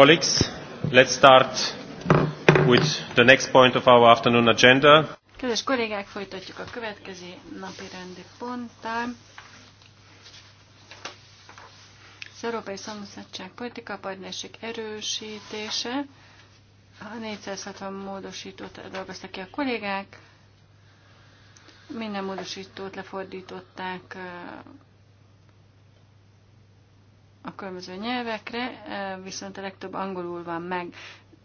colleagues, let's start with the next point of our afternoon agenda. Kedves kollégák, folytatjuk a következő napi rendi ponttal. Az Európai Szomszédság politika partnerség erősítése. A 460 módosítót dolgoztak ki a kollégák. Minden módosítót lefordították a különböző nyelvekre, viszont a legtöbb angolul van meg.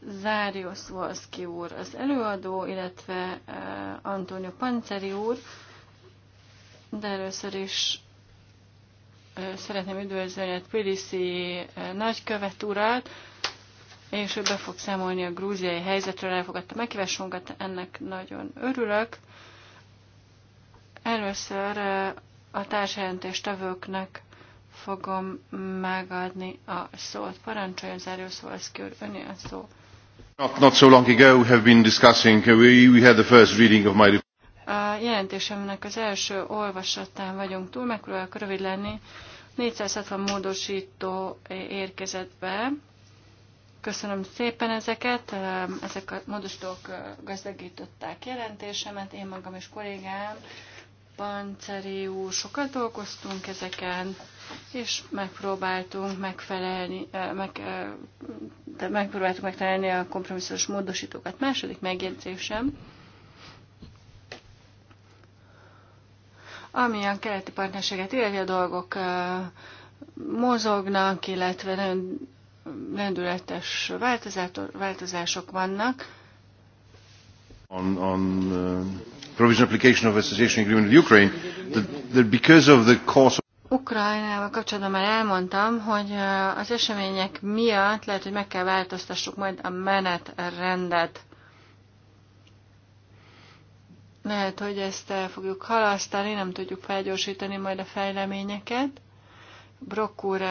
Zários Volszki úr az előadó, illetve Antonio Panceri úr, de először is szeretném üdvözölni a Tbilisi nagykövet urat, és ő be fog számolni a grúziai helyzetről, elfogadta meghívásunkat, ennek nagyon örülök. Először a társadalmi tevőknek fogom megadni a szót. Parancsoljon, az szó, ez öné a szó. Not, not so long ago we have been discussing, uh, we, we had the first reading of my A jelentésemnek az első olvasatán vagyunk túl, megpróbálok rövid lenni. 460 módosító érkezett be. Köszönöm szépen ezeket. Ezek a módosítók gazdagították jelentésemet, én magam és kollégám Panceriú, sokat dolgoztunk ezeken, és megpróbáltunk megfelelni, meg, de megpróbáltuk megtalálni a kompromisszós módosítókat. Második megjegyzésem, ami a keleti partnerséget illeti, a dolgok mozognak, illetve nagyon lendületes változások vannak. On, on, uh provisional application of association agreement with Ukraine, that, that because of the cost of Ukrajnával kapcsolatban már elmondtam, hogy az események miatt lehet, hogy meg kell változtassuk majd a menetrendet. Lehet, hogy ezt el fogjuk halasztani, nem tudjuk felgyorsítani majd a fejleményeket. Brock úr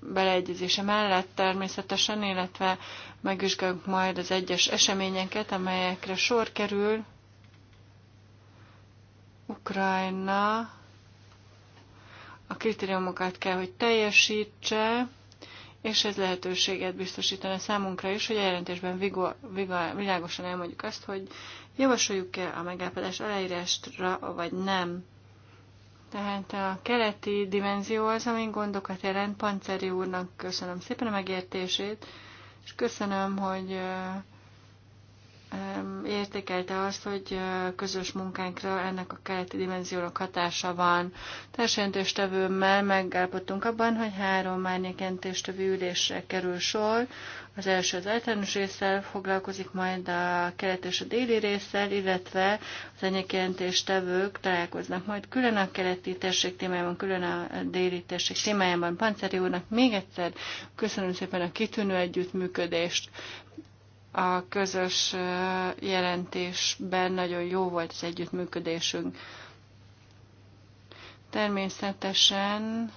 beleegyezése mellett természetesen, illetve megvizsgáljuk majd az egyes eseményeket, amelyekre sor kerül, Ukrajna a kritériumokat kell, hogy teljesítse, és ez lehetőséget biztosítana számunkra is, hogy a jelentésben vigo, vigo, világosan elmondjuk azt, hogy javasoljuk-e a megállapodás aláírásra, vagy nem. Tehát a keleti dimenzió az, ami gondokat jelent. Panceri úrnak köszönöm szépen a megértését, és köszönöm, hogy értékelte azt, hogy közös munkánkra ennek a keleti dimenziónak hatása van. Társjelentéstevőmmel megállapodtunk abban, hogy három árnyékjelentéstevő ülésre kerül sor. Az első az általános résszel foglalkozik, majd a kelet és a déli résszel, illetve az tevők találkoznak majd külön a keleti térség témájában, külön a déli térség témájában. Panceri úrnak még egyszer köszönöm szépen a kitűnő együttműködést a közös jelentésben nagyon jó volt az együttműködésünk. Természetesen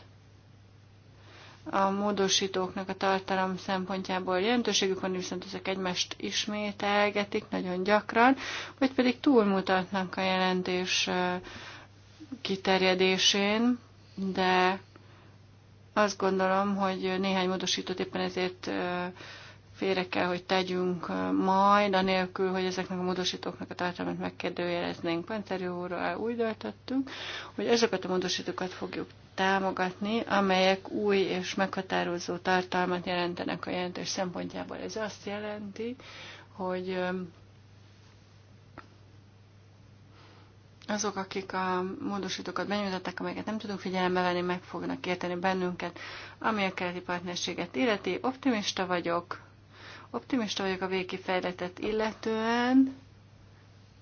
a módosítóknak a tartalom szempontjából jelentőségük van, viszont ezek egymást ismételgetik nagyon gyakran, vagy pedig túlmutatnak a jelentés kiterjedésén, de azt gondolom, hogy néhány módosítót éppen ezért félre kell, hogy tegyünk majd, anélkül, hogy ezeknek a módosítóknak a tartalmat megkérdőjeleznénk. Panterő úrral úgy döntöttünk, hogy ezeket a módosítókat fogjuk támogatni, amelyek új és meghatározó tartalmat jelentenek a jelentős szempontjából. Ez azt jelenti, hogy azok, akik a módosítókat benyújtottak, amelyeket nem tudunk figyelembe venni, meg fognak érteni bennünket, ami a keleti partnerséget illeti. Optimista vagyok, Optimista vagyok a végkifejletet illetően,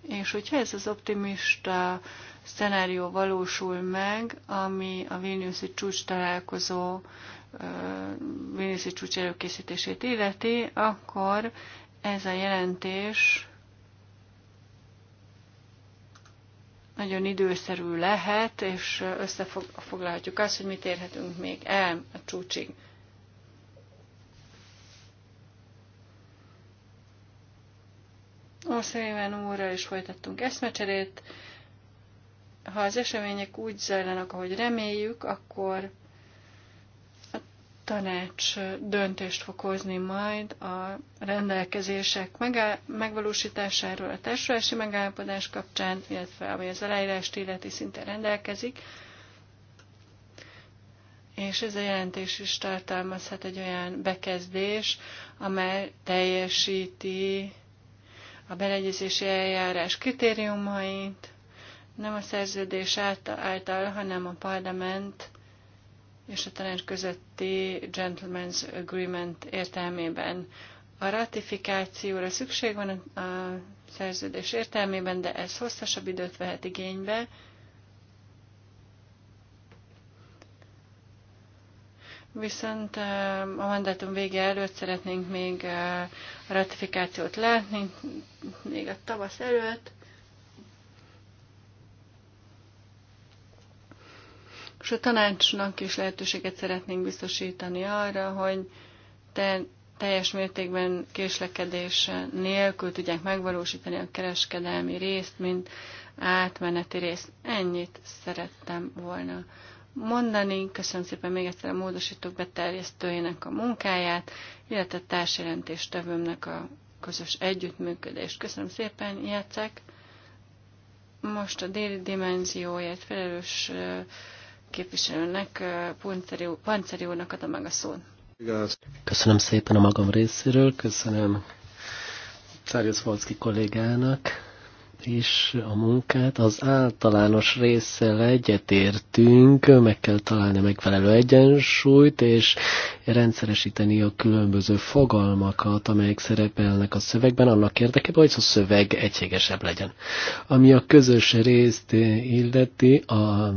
és hogyha ez az optimista szenárió valósul meg, ami a Vilniuszi csúcs találkozó, Vilniuszi csúcs előkészítését illeti, akkor ez a jelentés nagyon időszerű lehet, és összefoglalhatjuk azt, hogy mit érhetünk még el a csúcsig. Oszéven úrral is folytattunk eszmecserét. Ha az események úgy zajlanak, ahogy reméljük, akkor a tanács döntést fog hozni majd a rendelkezések megvalósításáról a társulási megállapodás kapcsán, illetve ami az aláírást illeti szinten rendelkezik. És ez a jelentés is tartalmazhat egy olyan bekezdés, amely teljesíti a beleegyezési eljárás kritériumait, nem a szerződés által, hanem a parlament és a tanács közötti Gentleman's Agreement értelmében. A ratifikációra szükség van a szerződés értelmében, de ez hosszasabb időt vehet igénybe, Viszont a mandátum vége előtt szeretnénk még a ratifikációt látni, még a tavasz előtt. És a tanácsnak is lehetőséget szeretnénk biztosítani arra, hogy te, teljes mértékben késlekedés nélkül tudják megvalósítani a kereskedelmi részt, mint átmeneti részt. Ennyit szerettem volna mondani. Köszönöm szépen még egyszer a módosítók beterjesztőjének a munkáját, illetve társjelentéstevőmnek a közös együttműködést. Köszönöm szépen, Jacek. Most a déli dimenzióért felelős képviselőnek, Panceri úrnak adom meg a szót. Köszönöm szépen a magam részéről, köszönöm Czárjusz Volszki kollégának is a munkát. Az általános részsel egyetértünk, meg kell találni megfelelő egyensúlyt, és rendszeresíteni a különböző fogalmakat, amelyek szerepelnek a szövegben, annak érdekében, hogy a szöveg egységesebb legyen. Ami a közös részt illeti, a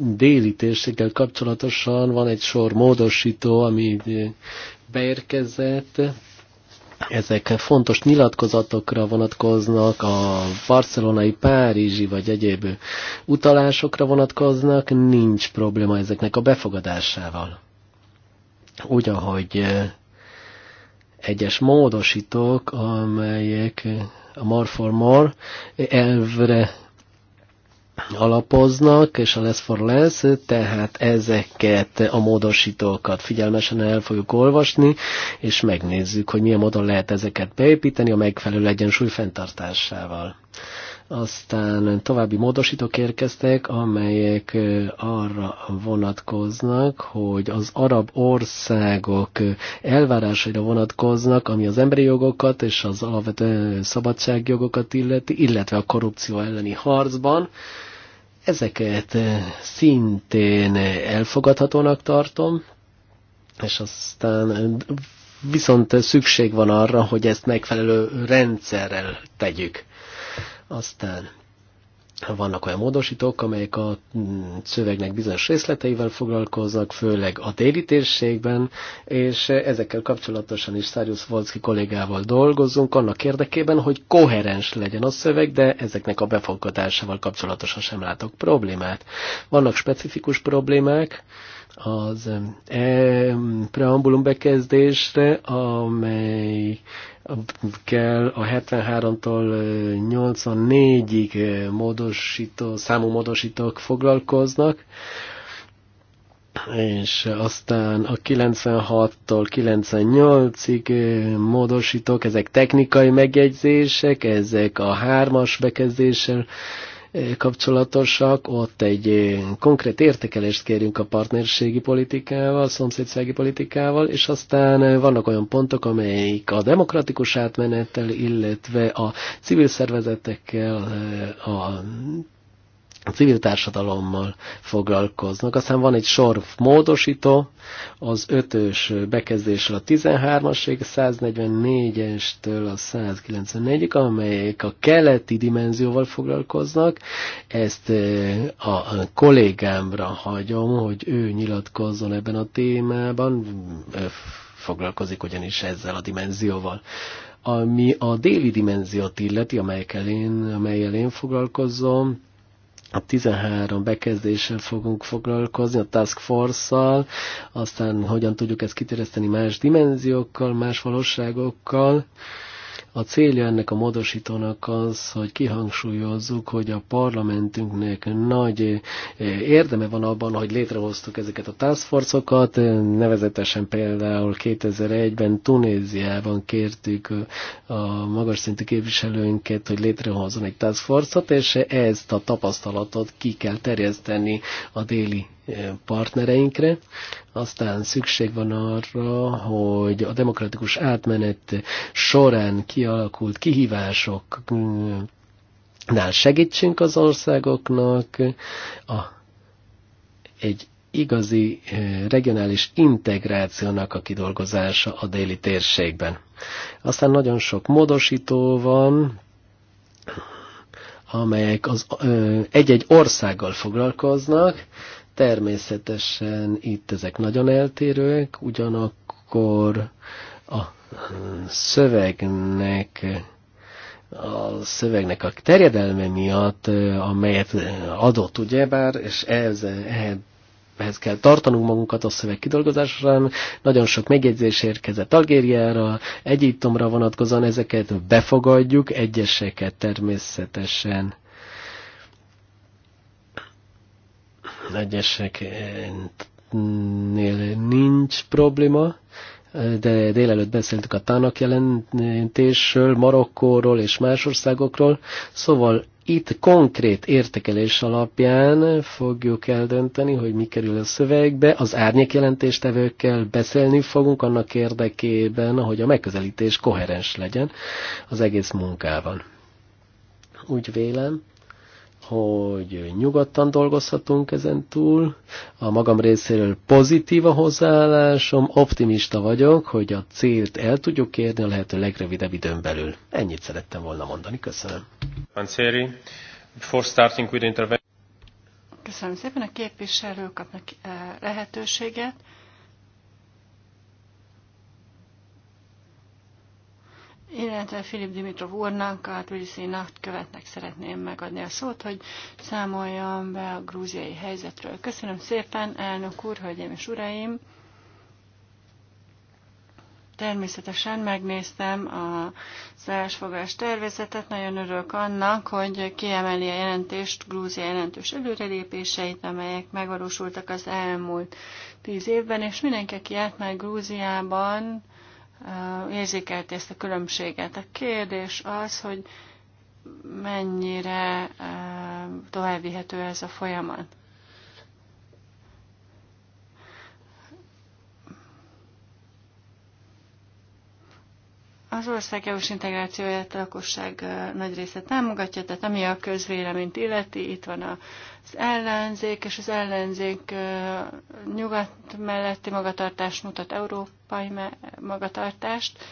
déli térséggel kapcsolatosan van egy sor módosító, ami beérkezett, ezek fontos nyilatkozatokra vonatkoznak, a barcelonai, párizsi vagy egyéb utalásokra vonatkoznak, nincs probléma ezeknek a befogadásával. Úgy, ahogy egyes módosítók, amelyek a More for More elvre alapoznak, és a lesz for lesz, tehát ezeket a módosítókat figyelmesen el fogjuk olvasni, és megnézzük, hogy milyen módon lehet ezeket beépíteni a megfelelő egyensúly fenntartásával. Aztán további módosítók érkeztek, amelyek arra vonatkoznak, hogy az arab országok elvárásaira vonatkoznak, ami az emberi jogokat és az alapvető szabadságjogokat illeti, illetve a korrupció elleni harcban Ezeket eh, szintén elfogadhatónak tartom, és aztán eh, viszont szükség van arra, hogy ezt megfelelő rendszerrel tegyük. Aztán vannak olyan módosítók, amelyek a mm, szövegnek bizonyos részleteivel foglalkoznak, főleg a déli térségben, és ezekkel kapcsolatosan is Szárius Volszki kollégával dolgozunk, annak érdekében, hogy koherens legyen a szöveg, de ezeknek a befogadásával kapcsolatosan sem látok problémát. Vannak specifikus problémák, az e, preambulum bekezdésre, amely kell a 73-tól 84-ig módosító, számú módosítók foglalkoznak, és aztán a 96-tól 98-ig módosítók, ezek technikai megjegyzések, ezek a hármas bekezdéssel kapcsolatosak, ott egy eh, konkrét értékelést kérünk a partnerségi politikával, a szomszédsági politikával, és aztán eh, vannak olyan pontok, amelyik a demokratikus átmenettel, illetve a civil szervezetekkel, eh, a a civil társadalommal foglalkoznak. Aztán van egy sor módosító, az ötös bekezdésről a 13-asig, 144-estől a 194-ig, amelyek a keleti dimenzióval foglalkoznak. Ezt eh, a kollégámra hagyom, hogy ő nyilatkozzon ebben a témában, foglalkozik ugyanis ezzel a dimenzióval ami a déli dimenziót illeti, amelyekkel én, amelyel én foglalkozom, a 13 bekezdéssel fogunk foglalkozni, a Task Force-szal, aztán hogyan tudjuk ezt kiterjeszteni más dimenziókkal, más valóságokkal, a célja ennek a módosítónak az, hogy kihangsúlyozzuk, hogy a parlamentünknek nagy eh, érdeme van abban, hogy létrehoztuk ezeket a taskforcokat, eh, nevezetesen például 2001-ben Tunéziában kértük eh, a magas szintű képviselőnket, hogy létrehozzon egy taskforcot, és ezt a tapasztalatot ki kell terjeszteni a déli partnereinkre, aztán szükség van arra, hogy a demokratikus átmenet során kialakult kihívásoknál segítsünk az országoknak, a, egy igazi eh, regionális integrációnak a kidolgozása a déli térségben. Aztán nagyon sok módosító van, amelyek az eh, egy-egy országgal foglalkoznak, Természetesen itt ezek nagyon eltérőek, ugyanakkor a szövegnek a szövegnek a terjedelme miatt, amelyet adott ugyebár, és ez, ehhez kell tartanunk magunkat a szöveg kidolgozásra. Nagyon sok megjegyzés érkezett Algériára, Egyiptomra vonatkozóan ezeket befogadjuk, egyeseket természetesen az egyeseknél nincs probléma, de délelőtt beszéltük a tának jelentésről, Marokkóról és más országokról, szóval itt konkrét értekelés alapján fogjuk eldönteni, hogy mi kerül a szövegbe. Az árnyék jelentéstevőkkel beszélni fogunk annak érdekében, hogy a megközelítés koherens legyen az egész munkában. Úgy vélem, hogy nyugodtan dolgozhatunk ezen túl. A magam részéről pozitív a hozzáállásom, optimista vagyok, hogy a célt el tudjuk érni a lehető legrövidebb időn belül. Ennyit szerettem volna mondani. Köszönöm. Köszönöm szépen, a képviselők kapnak eh, lehetőséget. illetve Filip Dimitrov úrnak, a Tbilisi követnek szeretném megadni a szót, hogy számoljam be a grúziai helyzetről. Köszönöm szépen, elnök úr, hölgyeim és uraim! Természetesen megnéztem a szállásfogás tervezetet, nagyon örülök annak, hogy kiemeli a jelentést Grúzia jelentős előrelépéseit, amelyek megvalósultak az elmúlt tíz évben, és mindenki, aki járt már Grúziában, érzékelti ezt a különbséget. A kérdés az, hogy mennyire továbbvihető ez a folyamat. Az ország EU-s integrációját a lakosság nagy része támogatja, tehát ami a közvéleményt illeti, itt van az ellenzék, és az ellenzék nyugat melletti magatartást mutat európai magatartást,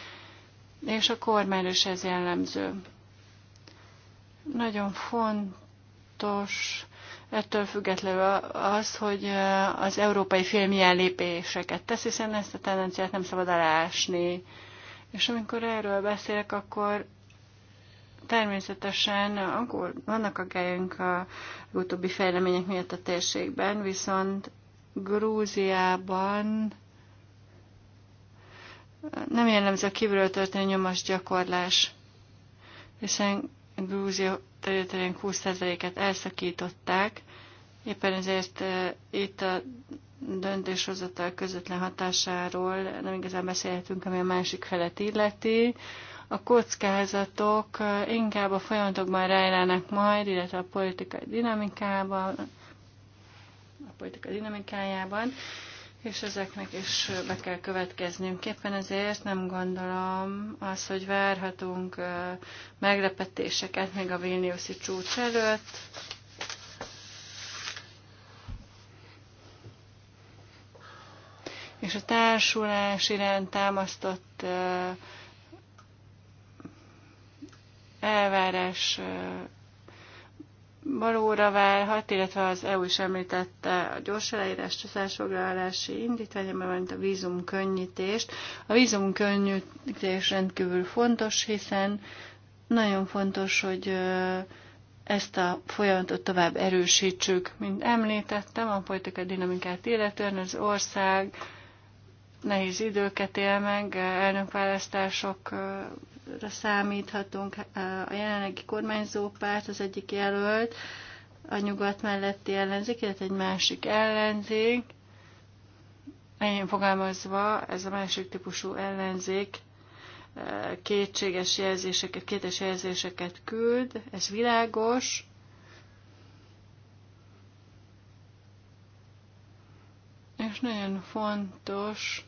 és a kormány is ez jellemző. Nagyon fontos ettől függetlenül az, hogy az európai film milyen lépéseket tesz, hiszen ezt a tendenciát nem szabad elásni. És amikor erről beszélek, akkor természetesen akkor vannak a gályunk a utóbbi fejlemények miatt a térségben, viszont Grúziában nem jellemző a kívülről történő nyomas gyakorlás, hiszen Grúzia területén 20%-et elszakították, éppen ezért eh, itt a döntéshozatal közvetlen hatásáról nem igazán beszélhetünk, ami a másik felet illeti. A kockázatok inkább a folyamatokban rejlenek majd, illetve a politikai dinamikában, a politikai dinamikájában, és ezeknek is be kell következnünk. Éppen ezért nem gondolom az, hogy várhatunk meglepetéseket még a Vilniuszi csúcs előtt és a társulás iránt támasztott elvárás valóra válhat, illetve az EU is említette a gyors leírást, az elsfoglalási indítványban, mint a vízum könnyítést. A vízum könnyítés rendkívül fontos, hiszen nagyon fontos, hogy ezt a folyamatot tovább erősítsük. Mint említettem, a politikai dinamikát illetően az ország nehéz időket él meg, elnökválasztásokra számíthatunk. A jelenlegi kormányzó párt az egyik jelölt, a nyugat melletti ellenzék, illetve egy másik ellenzék. Ennyien fogalmazva, ez a másik típusú ellenzék eh, kétséges jelzéseket, kétes jelzéseket küld, ez világos. És nagyon fontos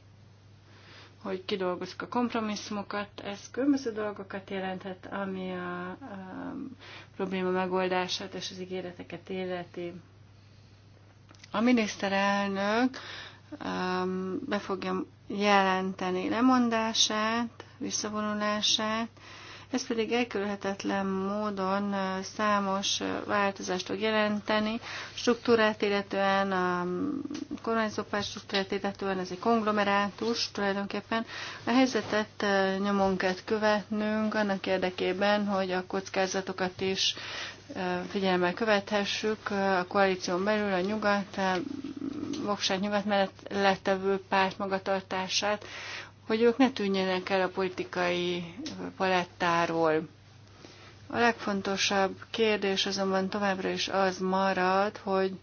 hogy kidolgozzuk a kompromisszumokat. Ez különböző dolgokat jelenthet, ami a, a probléma megoldását és az ígéreteket illeti. A miniszterelnök um, be fogja jelenteni lemondását, visszavonulását, ez pedig elkerülhetetlen módon számos változást fog jelenteni, struktúrát illetően, a kormányzópár struktúrát illetően, ez egy konglomerátus tulajdonképpen. A helyzetet nyomon kell követnünk annak érdekében, hogy a kockázatokat is figyelemmel követhessük a koalíción belül a nyugat, a voksát nyugat mellett letevő párt magatartását, hogy ők ne tűnjenek el a politikai palettáról. A legfontosabb kérdés azonban továbbra is az marad, hogy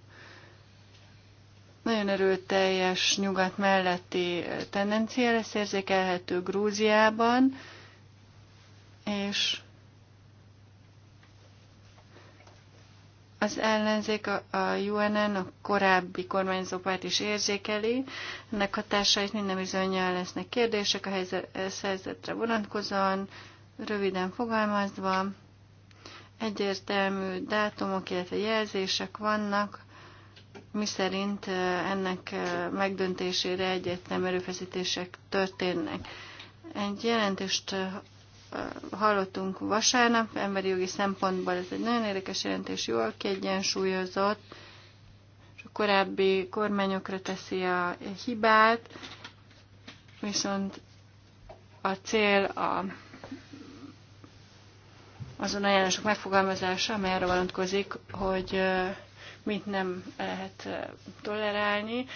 nagyon erőteljes nyugat melletti tendencia lesz érzékelhető Grúziában, és Az ellenzék a, a UNN a korábbi kormányzó párt is érzékeli. Ennek hatásait minden bizonyal lesznek kérdések a helyzetre vonatkozóan, röviden fogalmazva. Egyértelmű dátumok, illetve jelzések vannak, miszerint ennek megdöntésére egyértelmű erőfeszítések történnek. Egy jelentést hallottunk vasárnap, emberi jogi szempontból ez egy nagyon érdekes jelentés, jól kiegyensúlyozott, és a korábbi kormányokra teszi a hibát, viszont a cél a azon ajánlások megfogalmazása, amely arra vonatkozik, hogy mit nem lehet tolerálni.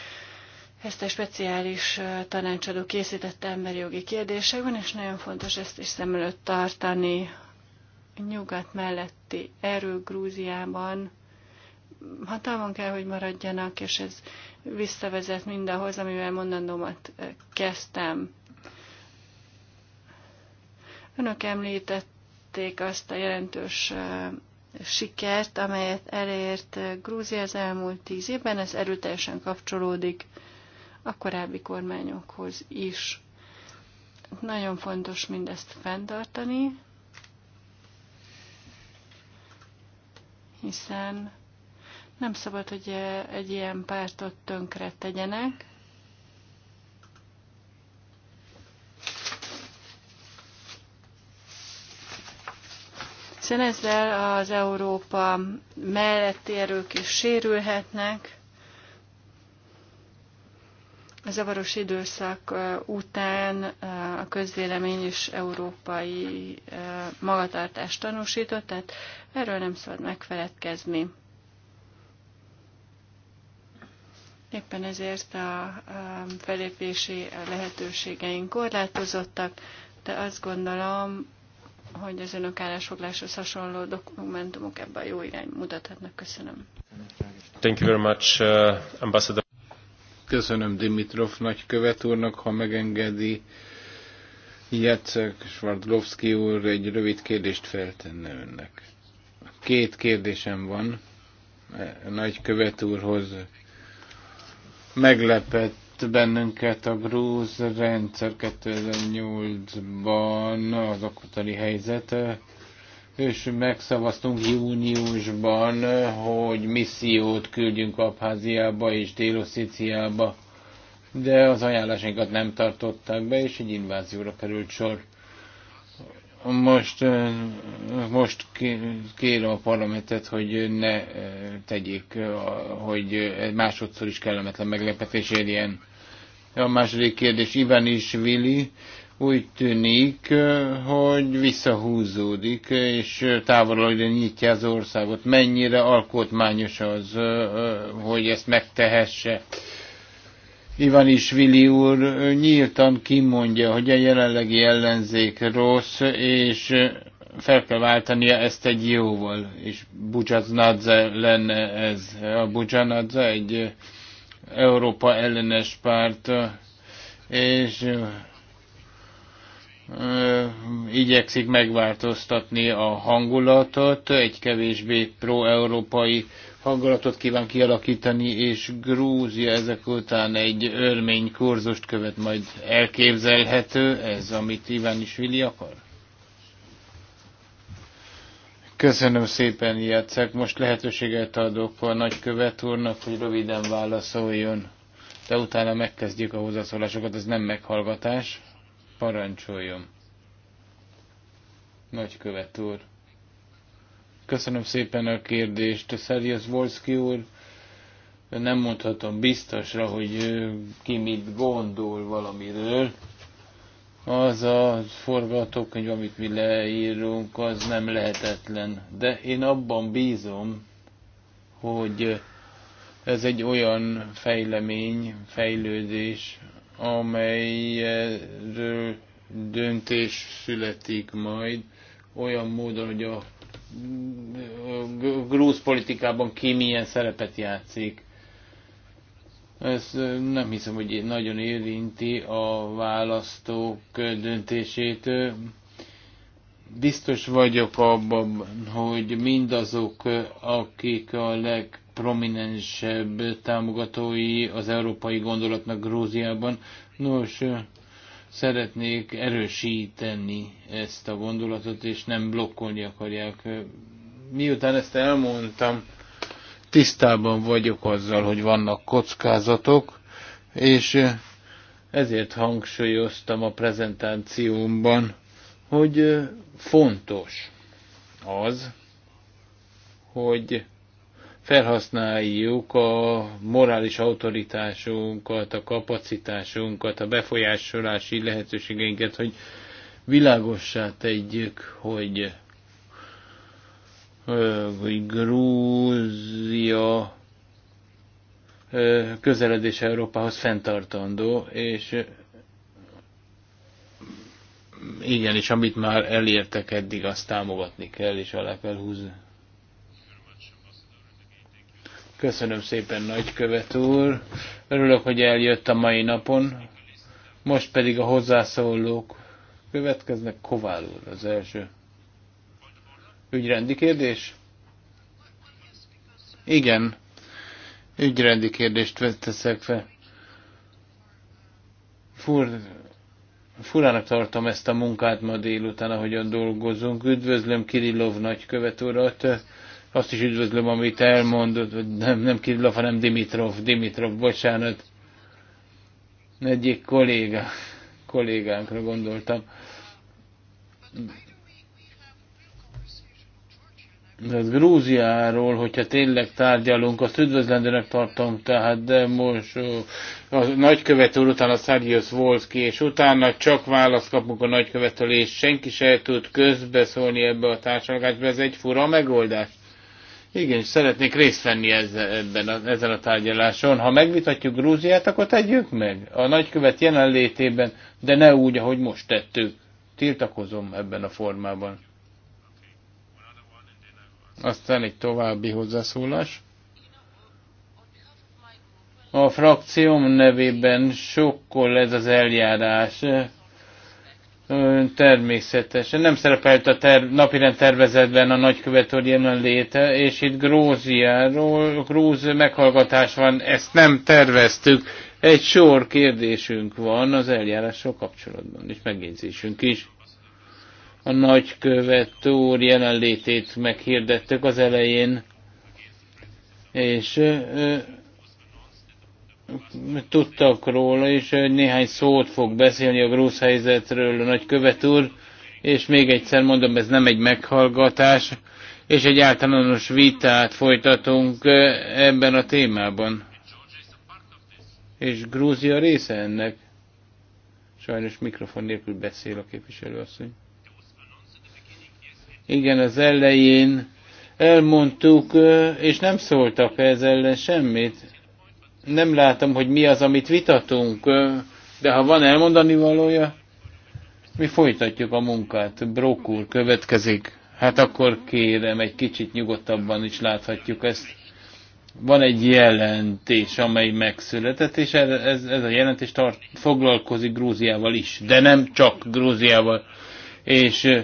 Ezt a speciális tanácsadó készítette emberi jogi kérdésekben, és nagyon fontos ezt is szem előtt tartani. Nyugat melletti erő Grúziában hatalmon kell, hogy maradjanak, és ez visszavezet mindahhoz, amivel mondandómat kezdtem. Önök említették azt a jelentős sikert, amelyet elért Grúzia az elmúlt tíz évben, ez erőteljesen kapcsolódik a korábbi kormányokhoz is. Nagyon fontos mindezt fenntartani, hiszen nem szabad, hogy e, egy ilyen pártot tönkre tegyenek. Hiszen ezzel az Európa melletti erők is sérülhetnek a zavaros időszak után a közvélemény is európai magatartást tanúsított, tehát erről nem szabad megfeledkezni. Éppen ezért a felépési lehetőségeink korlátozottak, de azt gondolom, hogy az önök állásfogláshoz hasonló dokumentumok ebben a jó irány mutathatnak. Köszönöm. Thank you very much, uh, Ambassador. Köszönöm Dimitrov nagykövet úrnak, ha megengedi. Jacek Svardlovszki úr egy rövid kérdést feltenne önnek. Két kérdésem van e, nagykövet úrhoz. Meglepett bennünket a grúz rendszer 2008-ban az akkutani helyzete és megszavaztunk júniusban, hogy missziót küldjünk Abháziába és Délosszíciába, de az ajánlásainkat nem tartották be, és egy invázióra került sor. Most, most kérem a parlamentet, hogy ne tegyék, hogy másodszor is kellemetlen meglepetés érjen. A második kérdés Ivan is Vili úgy tűnik, hogy visszahúzódik, és távolodra nyitja az országot. Mennyire alkotmányos az, hogy ezt megtehesse? Ivan Vili úr nyíltan kimondja, hogy a jelenlegi ellenzék rossz, és fel kell váltania ezt egy jóval, és Bucsanadze lenne ez. A Bucsanadze egy Európa ellenes párt, és igyekszik megváltoztatni a hangulatot, egy kevésbé pro-európai hangulatot kíván kialakítani, és Grúzia ezek után egy örmény kurzust követ majd elképzelhető, ez amit Iván is Vili akar? Köszönöm szépen, Jacek. Most lehetőséget adok a nagykövet úrnak, hogy röviden válaszoljon, de utána megkezdjük a hozzászólásokat, ez nem meghallgatás. Parancsoljon. Nagykövet úr. Köszönöm szépen a kérdést. Szerjusz Volszki úr, nem mondhatom biztosra, hogy ki mit gondol valamiről. Az a forgatókönyv, amit mi leírunk, az nem lehetetlen. De én abban bízom, hogy ez egy olyan fejlemény, fejlődés, amelyről döntés születik majd olyan módon, hogy a grúz politikában ki milyen szerepet játszik. Ez nem hiszem, hogy nagyon érinti a választók döntését. Biztos vagyok abban, hogy mindazok, akik a leg prominensebb támogatói az európai gondolatnak Grúziában. Nos, szeretnék erősíteni ezt a gondolatot, és nem blokkolni akarják. Miután ezt elmondtam, tisztában vagyok azzal, hogy vannak kockázatok, és ezért hangsúlyoztam a prezentációmban, hogy fontos az, hogy felhasználjuk a morális autoritásunkat, a kapacitásunkat, a befolyásolási lehetőségeinket, hogy világossá tegyük, hogy, hogy Grúzia közeledés Európához fenntartandó, és igen, és amit már elértek eddig, azt támogatni kell, és alá kell húzni. Köszönöm szépen, nagykövet úr. Örülök, hogy eljött a mai napon. Most pedig a hozzászólók következnek. Kovál úr az első. Ügyrendi kérdés? Igen. Ügyrendi kérdést teszek fel. Fur, furának tartom ezt a munkát ma délután, ahogyan dolgozunk. Üdvözlöm Kirillov nagykövet urat azt is üdvözlöm, amit elmondott, hogy nem, nem Kirillov, hanem Dimitrov, Dimitrov, bocsánat. Egyik kolléga, kollégánkra gondoltam. De Grúziáról, hogyha tényleg tárgyalunk, azt üdvözlendőnek tartom, tehát de most a nagykövető után a Szárgyiusz Volszki, és utána csak választ kapunk a nagykövetől, és senki se tud közbeszólni ebbe a társadalmat, ez egy fura megoldás. Igen, és szeretnék részt venni ezzel, ebben a, ezen a tárgyaláson. Ha megvitatjuk Grúziát, akkor tegyük meg a nagykövet jelenlétében, de ne úgy, ahogy most tettük. Tiltakozom ebben a formában. Aztán egy további hozzászólás. A frakcióm nevében sokkol ez az eljárás. Természetesen. Nem szerepelt a ter- napirend tervezetben a nagykövetőr jelenléte, és itt Gróziáról, Gróz meghallgatás van, ezt nem terveztük. Egy sor kérdésünk van az eljárással kapcsolatban, és megjegyzésünk is. A nagykövet úr jelenlétét meghirdettük az elején, és tudtak róla, és néhány szót fog beszélni a grúz helyzetről a nagy úr, és még egyszer mondom, ez nem egy meghallgatás, és egy általános vitát folytatunk eh, ebben a témában. És Grúzia része ennek. Sajnos mikrofon nélkül beszél a képviselőasszony. Igen, az elején elmondtuk, eh, és nem szóltak ez ellen semmit nem látom, hogy mi az, amit vitatunk, de ha van elmondani valója, mi folytatjuk a munkát. Brok úr következik. Hát akkor kérem, egy kicsit nyugodtabban is láthatjuk ezt. Van egy jelentés, amely megszületett, és ez, ez, ez a jelentés tart, foglalkozik Grúziával is, de nem csak Grúziával. És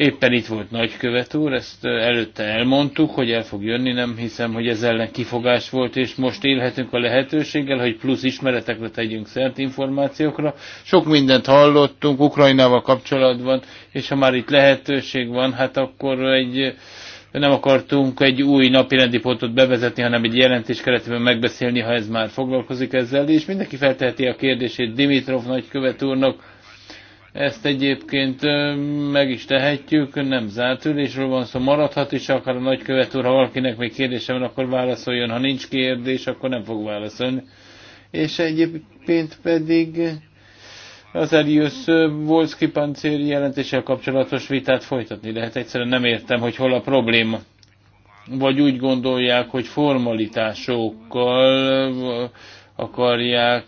Éppen itt volt nagykövet úr, ezt előtte elmondtuk, hogy el fog jönni, nem hiszem, hogy ez ellen kifogás volt, és most élhetünk a lehetőséggel, hogy plusz ismeretekre tegyünk szert információkra. Sok mindent hallottunk Ukrajnával kapcsolatban, és ha már itt lehetőség van, hát akkor egy nem akartunk egy új napirendi pontot bevezetni, hanem egy jelentés keretében megbeszélni, ha ez már foglalkozik ezzel, és mindenki felteheti a kérdését Dimitrov nagykövet úrnak, ezt egyébként meg is tehetjük, nem zárt ülésről van szó, szóval maradhat is, akár a nagykövet úr, ha valakinek még kérdése van, akkor válaszoljon, ha nincs kérdés, akkor nem fog válaszolni. És egyébként pedig az Elius Volszki pancéri jelentéssel kapcsolatos vitát folytatni lehet. Egyszerűen nem értem, hogy hol a probléma. Vagy úgy gondolják, hogy formalitásokkal akarják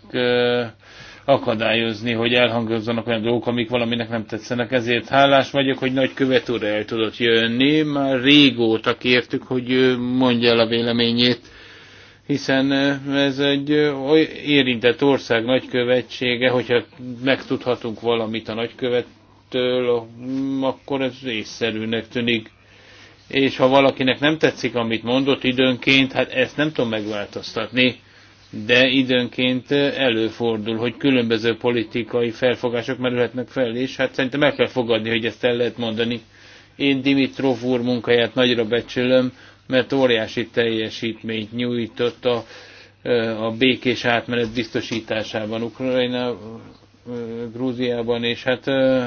akadályozni, hogy elhangozzanak olyan dolgok, amik valaminek nem tetszenek. Ezért hálás vagyok, hogy nagy követőre el tudott jönni. Már régóta kértük, hogy mondja el a véleményét, hiszen ez egy érintett ország nagykövetsége, hogyha megtudhatunk valamit a nagykövettől, akkor ez észszerűnek tűnik. És ha valakinek nem tetszik, amit mondott időnként, hát ezt nem tudom megváltoztatni de időnként előfordul, hogy különböző politikai felfogások merülhetnek fel, és hát szerintem el kell fogadni, hogy ezt el lehet mondani. Én Dimitrov úr munkáját nagyra becsülöm, mert óriási teljesítményt nyújtott a, a békés átmenet biztosításában Ukrajna Grúziában, és hát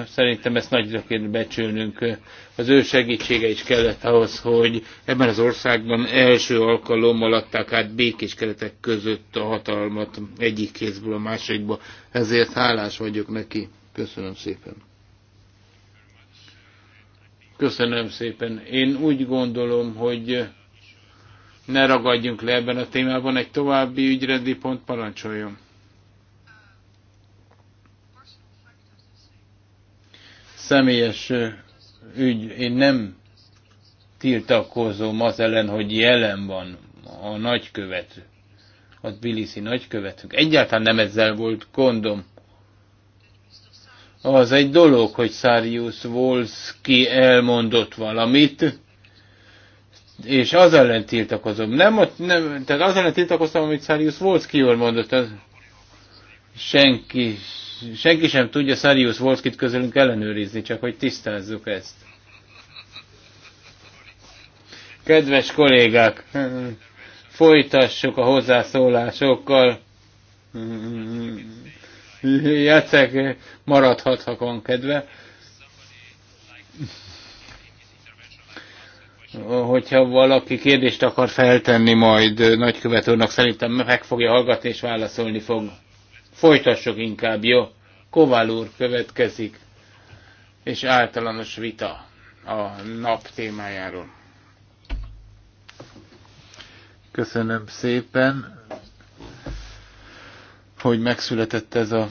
szerintem ezt nagyra kell becsülnünk. Az ő segítsége is kellett ahhoz, hogy ebben az országban első alkalommal adták át békés keretek között a hatalmat egyik kézből a másikba. Ezért hálás vagyok neki. Köszönöm szépen. Köszönöm szépen. Én úgy gondolom, hogy ne ragadjunk le ebben a témában. Egy további ügyrendi pont parancsoljon. személyes ügy. Én nem tiltakozom az ellen, hogy jelen van a nagykövet, a Tbilisi nagykövetünk. Egyáltalán nem ezzel volt gondom. Az egy dolog, hogy Szárius Volszki elmondott valamit, és az ellen tiltakozom. Nem, nem, tehát az ellen tiltakoztam, amit Szárius Volszki jól mondott, az senki senki sem tudja Szarius Volskit közülünk ellenőrizni, csak hogy tisztázzuk ezt. Kedves kollégák, folytassuk a hozzászólásokkal. Jacek maradhat, ha van kedve. Hogyha valaki kérdést akar feltenni majd nagykövet úrnak, szerintem meg fogja hallgatni és válaszolni fog. Folytassuk inkább, jó? Kovál úr következik, és általános vita a nap témájáról. Köszönöm szépen, hogy megszületett ez a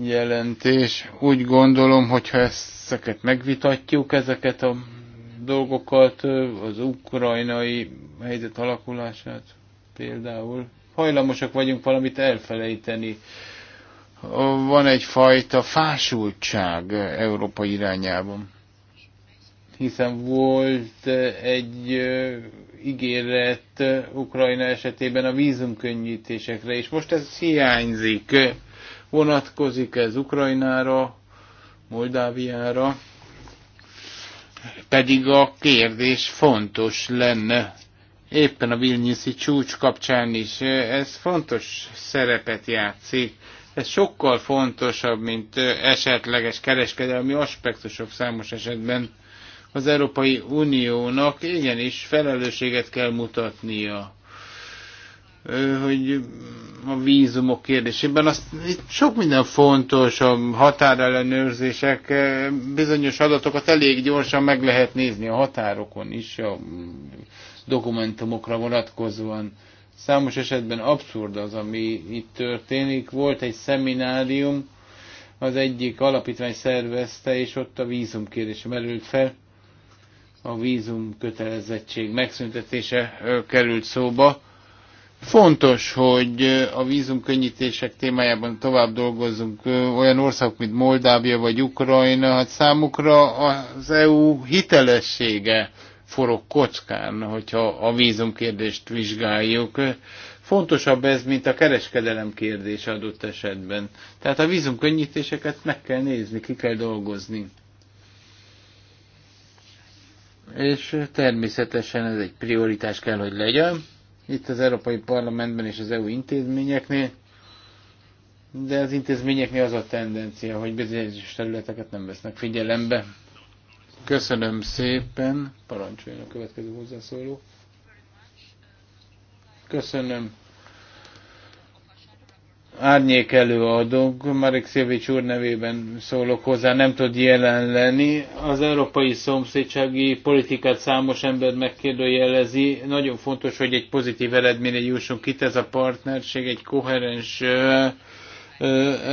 jelentés. Úgy gondolom, hogyha ezeket megvitatjuk, ezeket a dolgokat, az ukrajnai helyzet alakulását például, hajlamosak vagyunk valamit elfelejteni. Van egyfajta fásultság Európa irányában. Hiszen volt egy ígéret Ukrajna esetében a vízumkönnyítésekre, és most ez hiányzik. Vonatkozik ez Ukrajnára, Moldáviára, pedig a kérdés fontos lenne éppen a Vilniuszi csúcs kapcsán is. Ez fontos szerepet játszik. Ez sokkal fontosabb, mint esetleges kereskedelmi aspektusok számos esetben. Az Európai Uniónak igenis felelősséget kell mutatnia hogy a vízumok kérdésében. Azt, itt sok minden fontos, a határellenőrzések, bizonyos adatokat elég gyorsan meg lehet nézni a határokon is, a dokumentumokra vonatkozóan. Számos esetben abszurd az, ami itt történik. Volt egy szeminárium, az egyik alapítvány szervezte, és ott a vízum kérdése merült fel. A vízum kötelezettség megszüntetése került szóba. Fontos, hogy a vízumkönnyítések témájában tovább dolgozzunk olyan országok, mint Moldávia vagy Ukrajna, hát számukra az EU hitelessége forog kockán, hogyha a vízum kérdést vizsgáljuk. Fontosabb ez, mint a kereskedelem kérdése adott esetben. Tehát a vízum könnyítéseket meg kell nézni, ki kell dolgozni. És természetesen ez egy prioritás kell, hogy legyen. Itt az Európai Parlamentben és az EU intézményeknél, de az intézményeknél az a tendencia, hogy bizonyos területeket nem vesznek figyelembe. Köszönöm szépen. Parancsoljon a következő hozzászóló. Köszönöm. Árnyék előadók, Marek Szilvics úr nevében szólok hozzá, nem tud jelen lenni. Az európai szomszédsági politikát számos ember megkérdőjelezi. Nagyon fontos, hogy egy pozitív eredményre jussunk itt ez a partnerség, egy koherens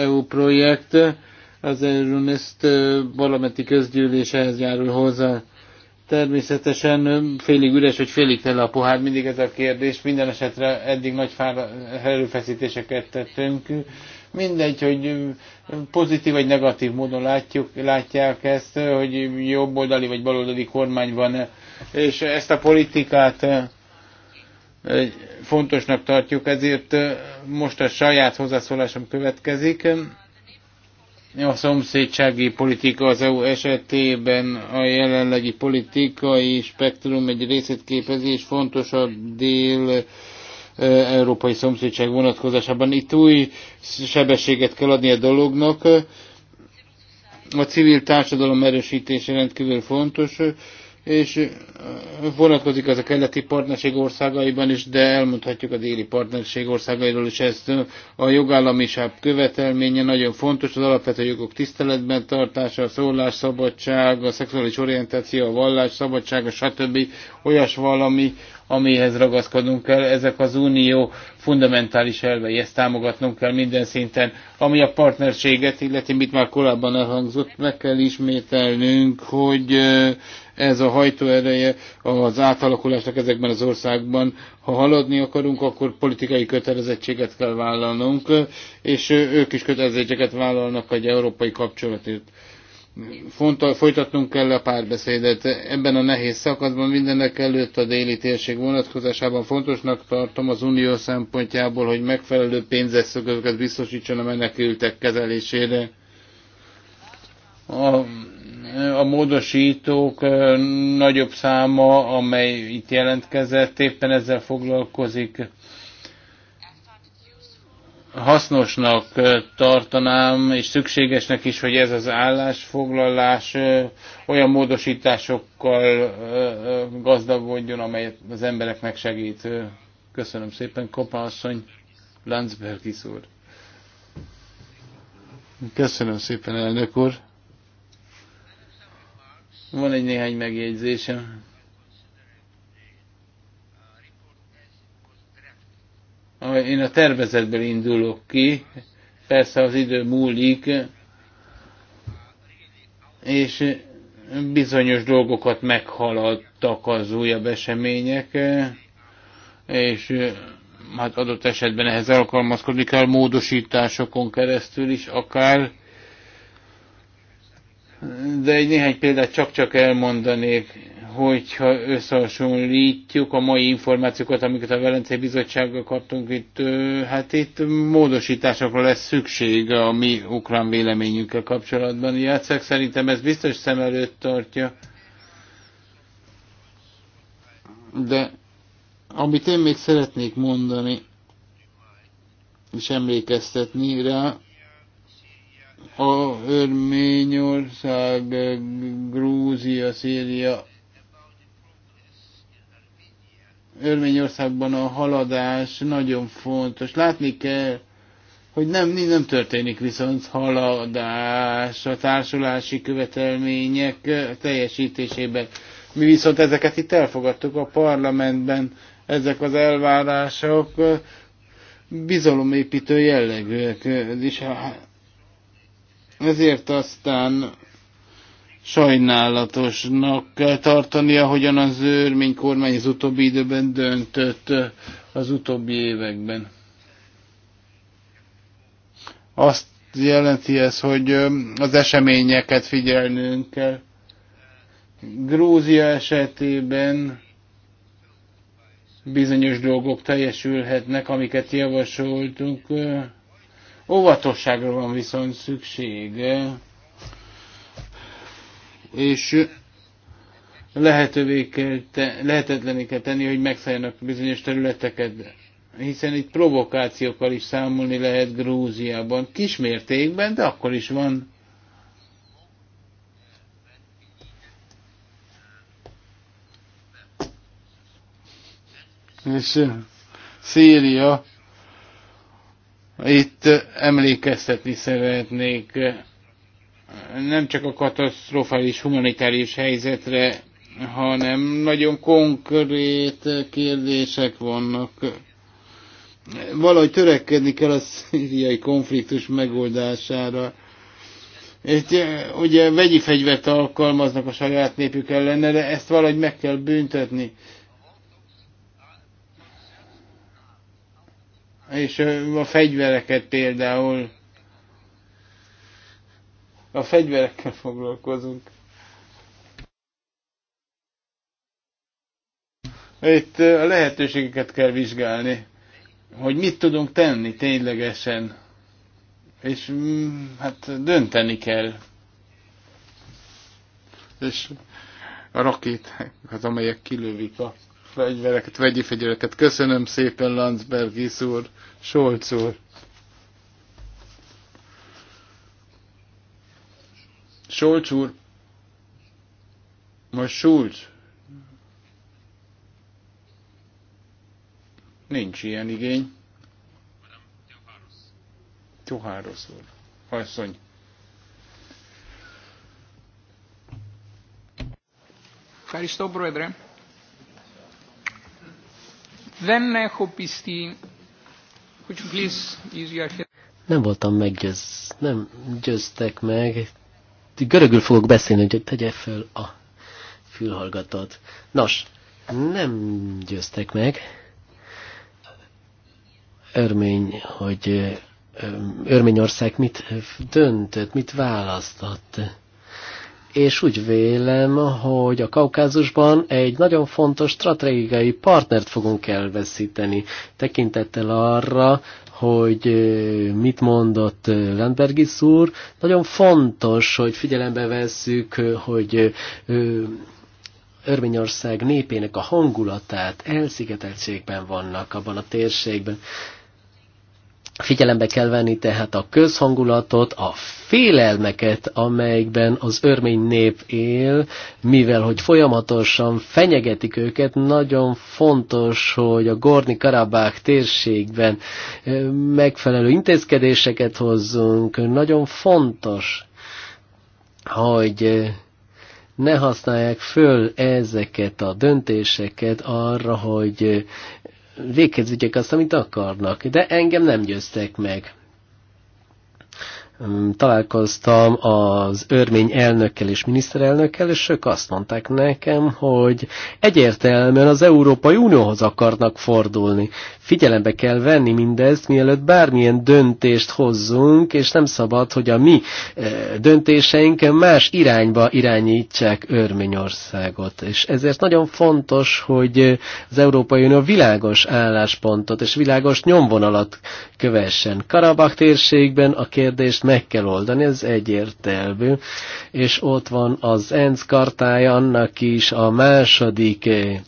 EU projekt az Euronest parlamenti közgyűléshez járul hozzá. Természetesen félig üres, vagy félig tele a pohár, mindig ez a kérdés. Minden esetre eddig nagy erőfeszítéseket tettünk. Mindegy, hogy pozitív vagy negatív módon látjuk, látják ezt, hogy jobb oldali vagy baloldali kormány van. És ezt a politikát fontosnak tartjuk, ezért most a saját hozzászólásom következik a szomszédsági politika az EU esetében a jelenlegi politikai spektrum egy részét képezi, és fontos a dél e, európai szomszédság vonatkozásában. Itt új sebességet kell adni a dolognak. A civil társadalom erősítése rendkívül fontos és vonatkozik az a keleti partnerség országaiban is, de elmondhatjuk a déli partnerség országairól is ezt. A jogállamiság követelménye nagyon fontos, az alapvető jogok tiszteletben tartása, a szólásszabadság, a szexuális orientáció, a vallás szabadsága, stb. olyas valami, amihez ragaszkodnunk kell. Ezek az unió fundamentális elvei, ezt támogatnunk kell minden szinten. Ami a partnerséget illeti, mit már korábban elhangzott, meg kell ismételnünk, hogy ez a hajtóereje az átalakulásnak ezekben az országban. Ha haladni akarunk, akkor politikai kötelezettséget kell vállalnunk, és ők is kötelezettséget vállalnak egy európai kapcsolatért Fontos, folytatnunk kell a párbeszédet. Ebben a nehéz szakaszban mindenek előtt a déli térség vonatkozásában fontosnak tartom az unió szempontjából, hogy megfelelő pénzeszögöket biztosítson a menekültek kezelésére. A a módosítók nagyobb száma, amely itt jelentkezett, éppen ezzel foglalkozik hasznosnak tartanám, és szükségesnek is, hogy ez az állásfoglalás olyan módosításokkal gazdagodjon, amelyet az embereknek segít. Köszönöm szépen, Kopa asszony, Landsbergis úr. Köszönöm szépen, elnök úr. Van egy néhány megjegyzésem. én a tervezetből indulok ki, persze az idő múlik, és bizonyos dolgokat meghaladtak az újabb események, és hát adott esetben ehhez alkalmazkodni kell módosításokon keresztül is akár, de egy néhány példát csak-csak elmondanék hogyha összehasonlítjuk a mai információkat, amiket a Velencei Bizottsággal kaptunk itt, hát itt módosításokra lesz szükség a mi ukrán véleményünkkel kapcsolatban. Játszak szerintem ez biztos szem előtt tartja. De amit én még szeretnék mondani, és emlékeztetni rá, a Örményország, Grúzia, Szíria Örményországban a haladás nagyon fontos. Látni kell, hogy nem, nem történik viszont haladás a társulási követelmények teljesítésében. Mi viszont ezeket itt elfogadtuk a parlamentben, ezek az elvárások bizalomépítő jellegűek, és ezért aztán sajnálatosnak kell tartania, ahogyan az örmény kormány az utóbbi időben döntött az utóbbi években. Azt jelenti ez, hogy az eseményeket figyelnünk kell. Grúzia esetében bizonyos dolgok teljesülhetnek, amiket javasoltunk. Óvatosságra van viszont szüksége és lehetővé kell te, lehetetlené kell tenni, hogy megszálljanak bizonyos területeket, hiszen itt provokációkkal is számolni lehet Grúziában, kismértékben, de akkor is van. És Szíria, itt emlékeztetni szeretnék nem csak a katasztrofális humanitárius helyzetre, hanem nagyon konkrét kérdések vannak. Valahogy törekedni kell a szíriai konfliktus megoldására. Itt, ugye vegyi fegyvert alkalmaznak a saját népük ellen, de ezt valahogy meg kell büntetni. És a fegyvereket például a fegyverekkel foglalkozunk. Itt a lehetőségeket kell vizsgálni, hogy mit tudunk tenni ténylegesen, és mm, hát dönteni kell. És a rakéták, az amelyek kilővik a fegyvereket, vegyi fegyvereket. Köszönöm szépen, Landsbergis úr, Solc úr. Solcs úr, most Schulz. Nincs ilyen igény. Tuháros úr. Asszony. Karisztó brödre. Venne hopiszti, hogy Could you Nem voltam meggyőz, nem győztek meg görögül fogok beszélni, hogy tegye föl a fülhallgatót. Nos, nem győztek meg. Örmény, hogy Örményország mit döntött, mit választott. És úgy vélem, hogy a Kaukázusban egy nagyon fontos stratégiai partnert fogunk elveszíteni, tekintettel arra, hogy mit mondott Landbergis úr. Nagyon fontos, hogy figyelembe vesszük, hogy Örményország népének a hangulatát elszigeteltségben vannak abban a térségben. Figyelembe kell venni tehát a közhangulatot, a félelmeket, amelyekben az örmény nép él, mivel hogy folyamatosan fenyegetik őket, nagyon fontos, hogy a Gorni Karabák térségben megfelelő intézkedéseket hozzunk. Nagyon fontos, hogy ne használják föl ezeket a döntéseket arra, hogy végkezdjék azt, amit akarnak, de engem nem győztek meg találkoztam az örmény elnökkel és miniszterelnökkel, és ők azt mondták nekem, hogy egyértelműen az Európai Unióhoz akarnak fordulni. Figyelembe kell venni mindezt, mielőtt bármilyen döntést hozzunk, és nem szabad, hogy a mi döntéseink más irányba irányítsák Örményországot. És ezért nagyon fontos, hogy az Európai Unió világos álláspontot és világos nyomvonalat kövessen. Karabakh térségben a kérdést meg kell oldani, ez egyértelmű, és ott van az ENSZ kartája, annak is a második eh,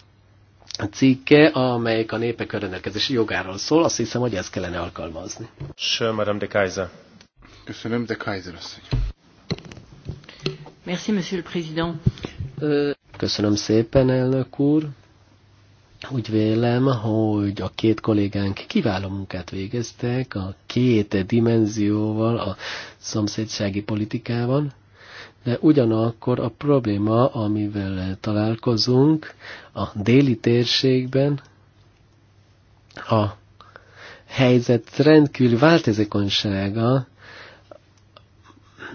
cikke, amelyik a népek rendelkezési jogáról szól, azt hiszem, hogy ezt kellene alkalmazni. Sőmerem de Kaiser. Köszönöm, de Kaiser asszony. Merci, Monsieur le Président. Köszönöm szépen, elnök úr. Úgy vélem, hogy a két kollégánk kiváló munkát végeztek a két dimenzióval, a szomszédsági politikával, de ugyanakkor a probléma, amivel találkozunk a déli térségben, a helyzet rendkívül változékonysága,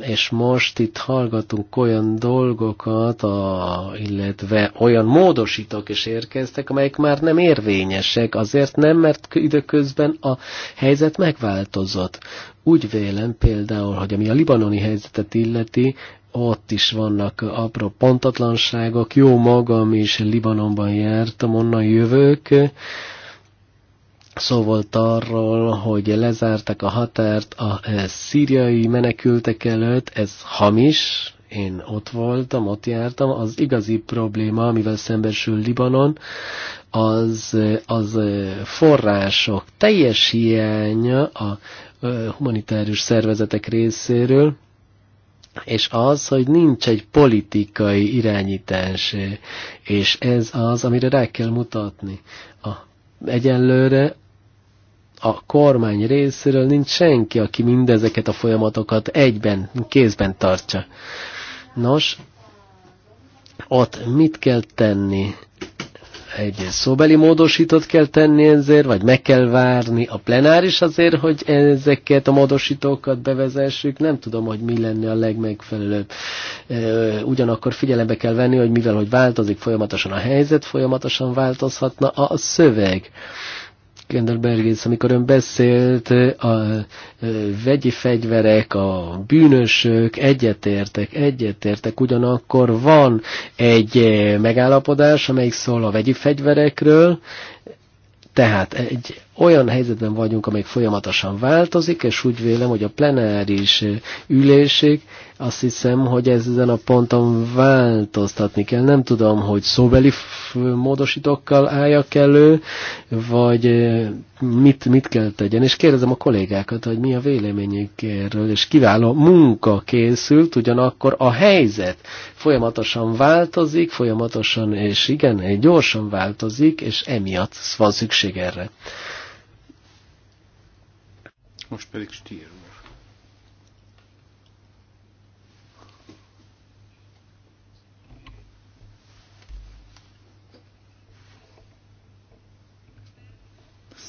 és most itt hallgatunk olyan dolgokat, a, illetve olyan módosítók is érkeztek, amelyek már nem érvényesek, azért nem, mert időközben a helyzet megváltozott. Úgy vélem például, hogy ami a libanoni helyzetet illeti, ott is vannak apró pontatlanságok, jó magam is Libanonban jártam, onnan jövök, Szó volt arról, hogy lezártak a határt a eh, szíriai menekültek előtt, ez hamis, én ott voltam, ott jártam, az igazi probléma, amivel szembesül Libanon, az, eh, az eh, források teljes hiánya a humanitárius szervezetek részéről, és az, hogy nincs egy politikai irányítás, és ez az, amire rá kell mutatni. A, egyenlőre a kormány részéről nincs senki, aki mindezeket a folyamatokat egyben, kézben tartsa. Nos, ott mit kell tenni? Egy szóbeli módosítót kell tenni ezért, vagy meg kell várni a plenáris azért, hogy ezeket a módosítókat bevezessük? Nem tudom, hogy mi lenne a legmegfelelőbb. Ugyanakkor figyelembe kell venni, hogy mivel hogy változik folyamatosan a helyzet, folyamatosan változhatna a szöveg Kendall Bergész, amikor ön beszélt, eh, a eh, vegyi fegyverek, a bűnösök, egyetértek, egyetértek, ugyanakkor van egy eh, megállapodás, amelyik szól a vegyi fegyverekről, tehát egy olyan helyzetben vagyunk, amely folyamatosan változik, és úgy vélem, hogy a plenáris ülésig azt hiszem, hogy ezen a ponton változtatni kell. Nem tudom, hogy szóbeli módosítókkal álljak elő, vagy eh, mit, mit kell tegyen. És kérdezem a kollégákat, hogy mi a véleményük erről. És kiváló munka készült, ugyanakkor a helyzet folyamatosan változik, folyamatosan, és igen, gyorsan változik, és emiatt van szükség erre. Most pedig stíl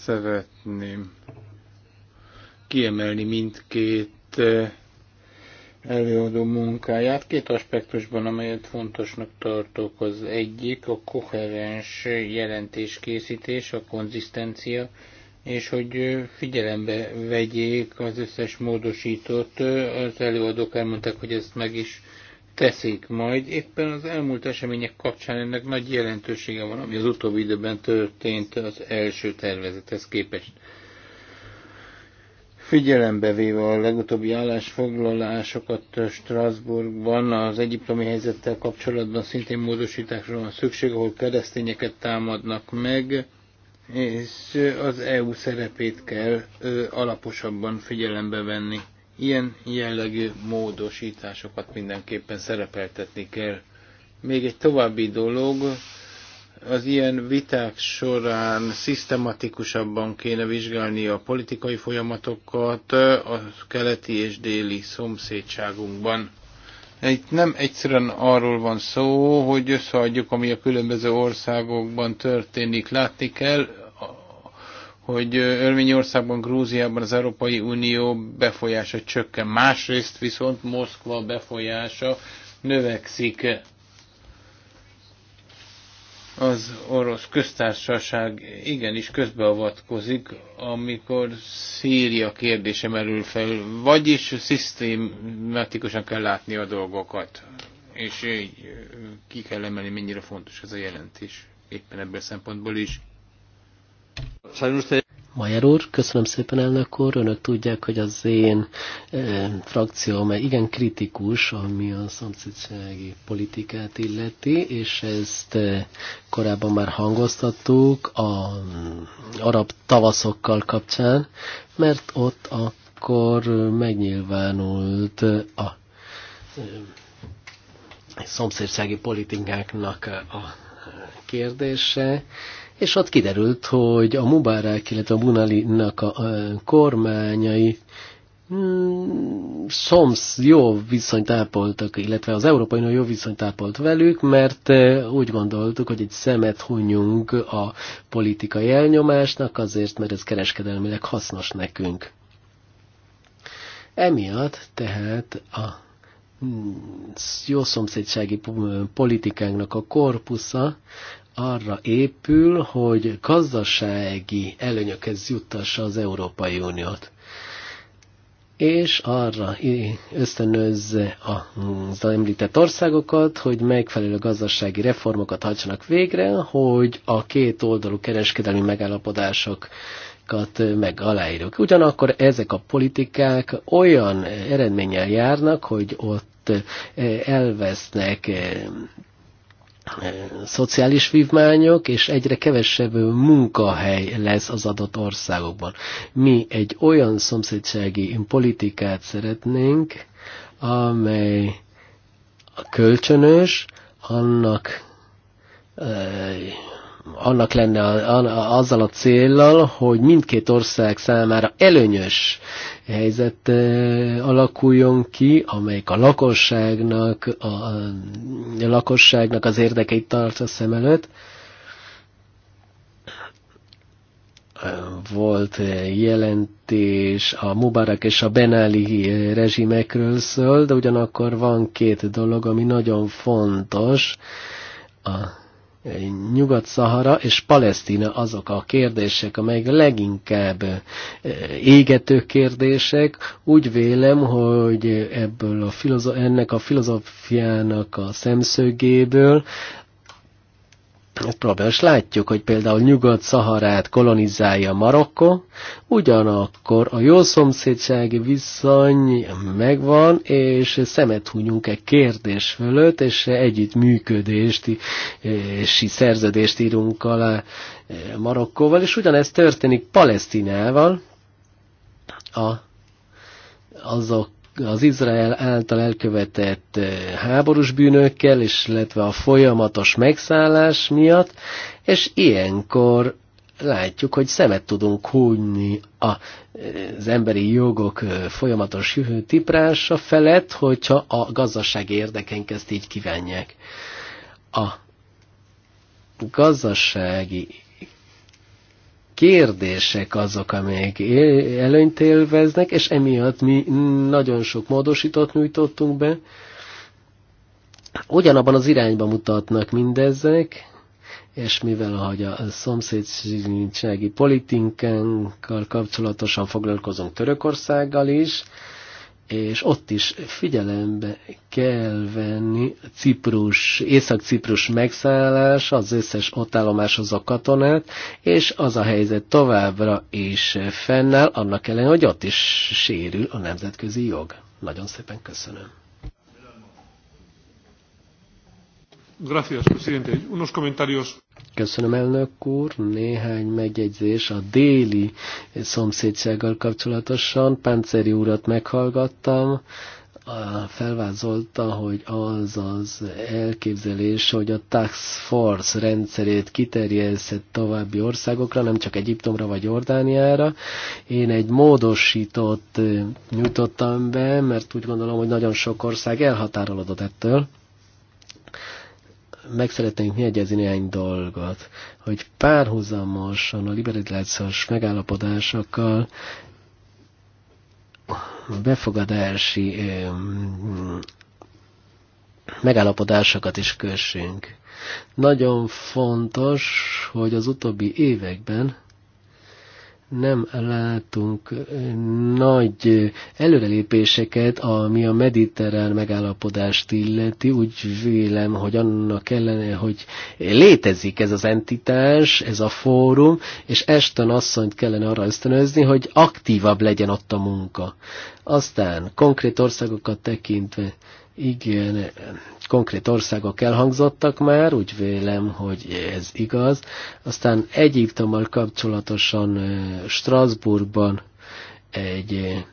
Szeretném kiemelni mindkét eh, előadó munkáját. Két aspektusban, amelyet fontosnak tartok, az egyik a koherens jelentéskészítés, a konzisztencia, és hogy eh, figyelembe vegyék az összes módosítót. Eh, az előadók elmondták, hogy ezt meg is teszik majd. Éppen az elmúlt események kapcsán ennek nagy jelentősége van, ami az utóbbi időben történt az első tervezethez képest. Figyelembe véve a legutóbbi állásfoglalásokat Strasbourgban, az egyiptomi helyzettel kapcsolatban szintén módosításra van szükség, ahol keresztényeket támadnak meg, és az EU szerepét kell alaposabban figyelembe venni Ilyen jellegű módosításokat mindenképpen szerepeltetni kell. Még egy további dolog, az ilyen viták során szisztematikusabban kéne vizsgálni a politikai folyamatokat a keleti és déli szomszédságunkban. Itt nem egyszerűen arról van szó, hogy összeadjuk, ami a különböző országokban történik. Látni kell, hogy Örményországban, Grúziában az Európai Unió befolyása csökken. Másrészt viszont Moszkva befolyása növekszik az orosz köztársaság igenis közbeavatkozik, amikor Szíria kérdése merül fel, vagyis szisztématikusan kell látni a dolgokat, és így ki kell emelni, mennyire fontos ez a jelentés, éppen ebből a szempontból is. Majer úr, köszönöm szépen elnök úr. Önök tudják, hogy az én e, frakcióm igen kritikus, ami a szomszédsági politikát illeti, és ezt e, korábban már hangoztattuk a mm, arab tavaszokkal kapcsán, mert ott akkor megnyilvánult a e, szomszédsági politikáknak a kérdése, és ott kiderült, hogy a Mubarak, illetve a Bunalinak a kormányai mm, szomsz jó viszonyt ápoltak, illetve az Európai Unió jó viszonyt ápolt velük, mert úgy gondoltuk, hogy egy szemet hunyunk a politikai elnyomásnak, azért, mert ez kereskedelmileg hasznos nekünk. Emiatt tehát a Hmm, jószomszédsági politikánknak a korpusza arra épül, hogy gazdasági előnyökhez juttassa az Európai Uniót és arra ösztönözze az említett országokat, hogy megfelelő gazdasági reformokat hagysanak végre, hogy a két oldalú kereskedelmi megállapodások politikákat meg aláírok. Ugyanakkor ezek a politikák olyan eredménnyel járnak, hogy ott elvesznek szociális vívmányok, és egyre kevesebb munkahely lesz az adott országokban. Mi egy olyan szomszédsági politikát szeretnénk, amely a kölcsönös, annak annak lenne azzal a céllal, hogy mindkét ország számára előnyös helyzet alakuljon ki, amelyik a lakosságnak, a, a lakosságnak az érdekeit tartja szem előtt. Volt jelentés a Mubarak és a Benali rezsimekről szól, de ugyanakkor van két dolog, ami nagyon fontos. A Nyugat-Szahara és Palesztina azok a kérdések, amelyek leginkább eh, égető kérdések. Úgy vélem, hogy ebből a ennek a filozófiának a szemszögéből ez probléma. És látjuk, hogy például Nyugat-Szaharát kolonizálja Marokko, ugyanakkor a jó szomszédsági viszony megvan, és szemet hunyunk egy kérdés fölött, és együttműködést és szerződést írunk alá eh, Marokkóval, és ugyanezt történik Palesztinával, a, azok az Izrael által elkövetett eh, háborús bűnökkel, és illetve a folyamatos megszállás miatt, és ilyenkor látjuk, hogy szemet tudunk hújni eh, az emberi jogok eh, folyamatos tiprása felett, hogyha a gazdaság érdekeink ezt így kívánják. A gazdasági kérdések azok, amelyek előnyt élveznek, és emiatt mi nagyon sok módosítót nyújtottunk be. Ugyanabban az irányba mutatnak mindezek, és mivel ahogy a szomszédsági politinkánkkal kapcsolatosan foglalkozunk Törökországgal is, és ott is figyelembe kell venni Ciprus, Észak-Ciprus megszállás, az összes ott állomáshoz a katonát, és az a helyzet továbbra is fennáll, annak ellenére, hogy ott is sérül a nemzetközi jog. Nagyon szépen köszönöm. Gracias, presidente. Unos comentarios. Köszönöm, elnök úr. Néhány megjegyzés a déli szomszédsággal kapcsolatosan. Pánceri úrat meghallgattam felvázolta, hogy az az elképzelés, hogy a tax force rendszerét kiterjeszett további országokra, nem csak Egyiptomra vagy Jordániára. Én egy módosított nyújtottam be, mert úgy gondolom, hogy nagyon sok ország elhatárolódott ettől meg szeretnénk jegyezni néhány dolgot, hogy párhuzamosan a liberalizációs megállapodásokkal befogadási megállapodásokat is kössünk. Nagyon fontos, hogy az utóbbi években nem látunk eh, nagy eh, előrelépéseket, ami a mediterrán megállapodást illeti. Úgy vélem, hogy annak kellene, hogy létezik ez az entitás, ez a fórum, és Eston asszonyt kellene arra ösztönözni, hogy aktívabb legyen ott a munka. Aztán konkrét országokat tekintve igen, konkrét országok elhangzottak már, úgy vélem, hogy ez igaz. Aztán Egyiptommal kapcsolatosan Strasbourgban egy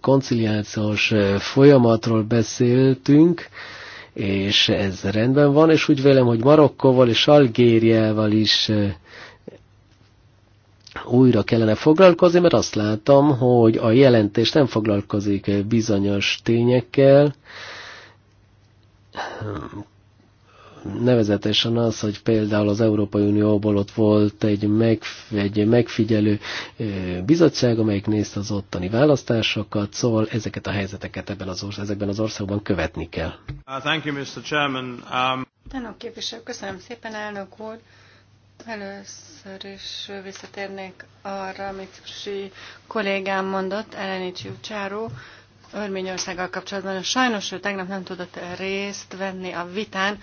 konciliációs folyamatról beszéltünk, és ez rendben van, és úgy vélem, hogy Marokkóval és Algériával is újra kellene foglalkozni, mert azt látom, hogy a jelentés nem foglalkozik bizonyos tényekkel, nevezetesen az, hogy például az Európai Unióból ott volt egy, megf egy megfigyelő bizottság, amelyik nézte az ottani választásokat, szóval ezeket a helyzeteket ebben az orsz- ezekben az országban követni kell. Uh, thank you, Mr. Chairman. Um... köszönöm szépen, elnök úr. Először is visszatérnék arra, amit si kollégám mondott, Eleni Jucsáró, Örményországgal kapcsolatban. Sajnos ő tegnap nem tudott részt venni a vitán.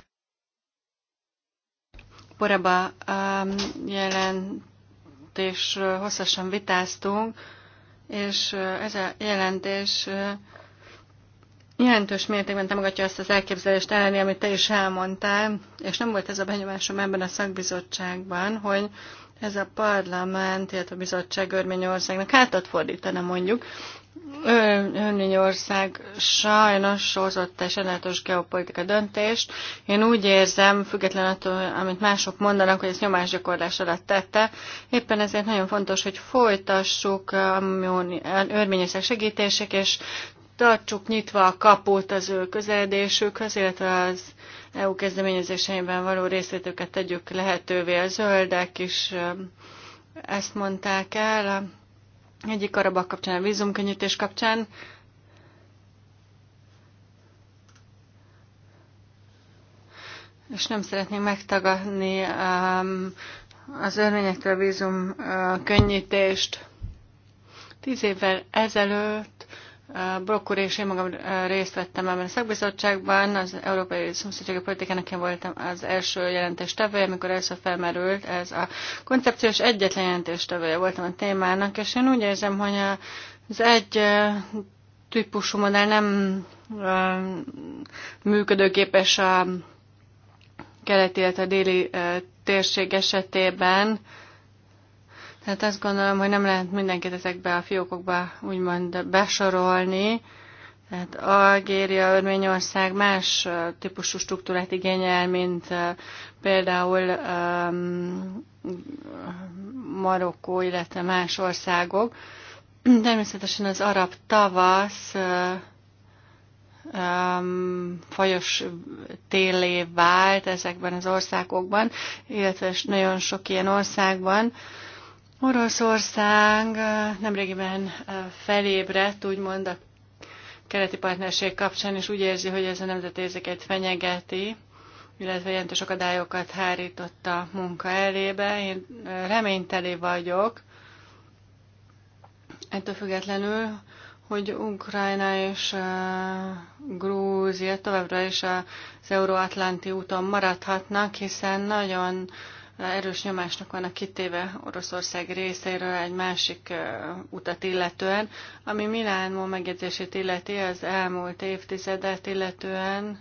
Poraba um, jelentésről hosszasan vitáztunk, és ez a jelentés jelentős mértékben támogatja azt az elképzelést elleni, amit te is elmondtál, és nem volt ez a benyomásom ebben a szakbizottságban, hogy ez a parlament, illetve a bizottság Örményországnak hátat fordítana mondjuk. Örményország sajnos hozott egy sajnálatos geopolitika döntést. Én úgy érzem, független attól, amit mások mondanak, hogy ezt nyomásgyakorlás alatt tette. Éppen ezért nagyon fontos, hogy folytassuk Örményország segítések, és tartsuk nyitva a kaput az ő közeledésükhöz, illetve az EU kezdeményezéseiben való részvétőket tegyük lehetővé. A zöldek is ezt mondták el, egyik arabak kapcsán, a vízumkönnyítés kapcsán, és nem szeretném megtagadni az örvényektől vízum könnyítést. Tíz évvel ezelőtt Brokkur és én magam részt vettem ebben a szakbizottságban, az Európai Szomszédsági Politikának én voltam az első jelentéstevője, amikor először felmerült ez a koncepciós egyetlen jelentéstevője voltam a témának, és én úgy érzem, hogy az egy típusú modell nem működőképes a keleti, illetve a déli térség esetében, tehát azt gondolom, hogy nem lehet mindenkit ezekbe a fiókokba úgymond besorolni. Tehát Algéria, Örményország más típusú struktúrát igényel, mint például um, Marokkó, illetve más országok. Természetesen az arab tavasz um, fajos télé vált ezekben az országokban, illetve nagyon sok ilyen országban. Uh, Oroszország nemrégiben felébredt, úgymond a keleti partnerség kapcsán, és úgy érzi, hogy ez a nemzetérzéket fenyegeti, illetve jelentős akadályokat hárított a munka elébe. Én reményteli vagyok, ettől függetlenül, hogy Ukrajna és Grúzia továbbra is az euróatlanti úton maradhatnak, hiszen nagyon erős nyomásnak vannak kitéve Oroszország részéről egy másik utat illetően, ami Milánmó megjegyzését illeti az elmúlt évtizedet illetően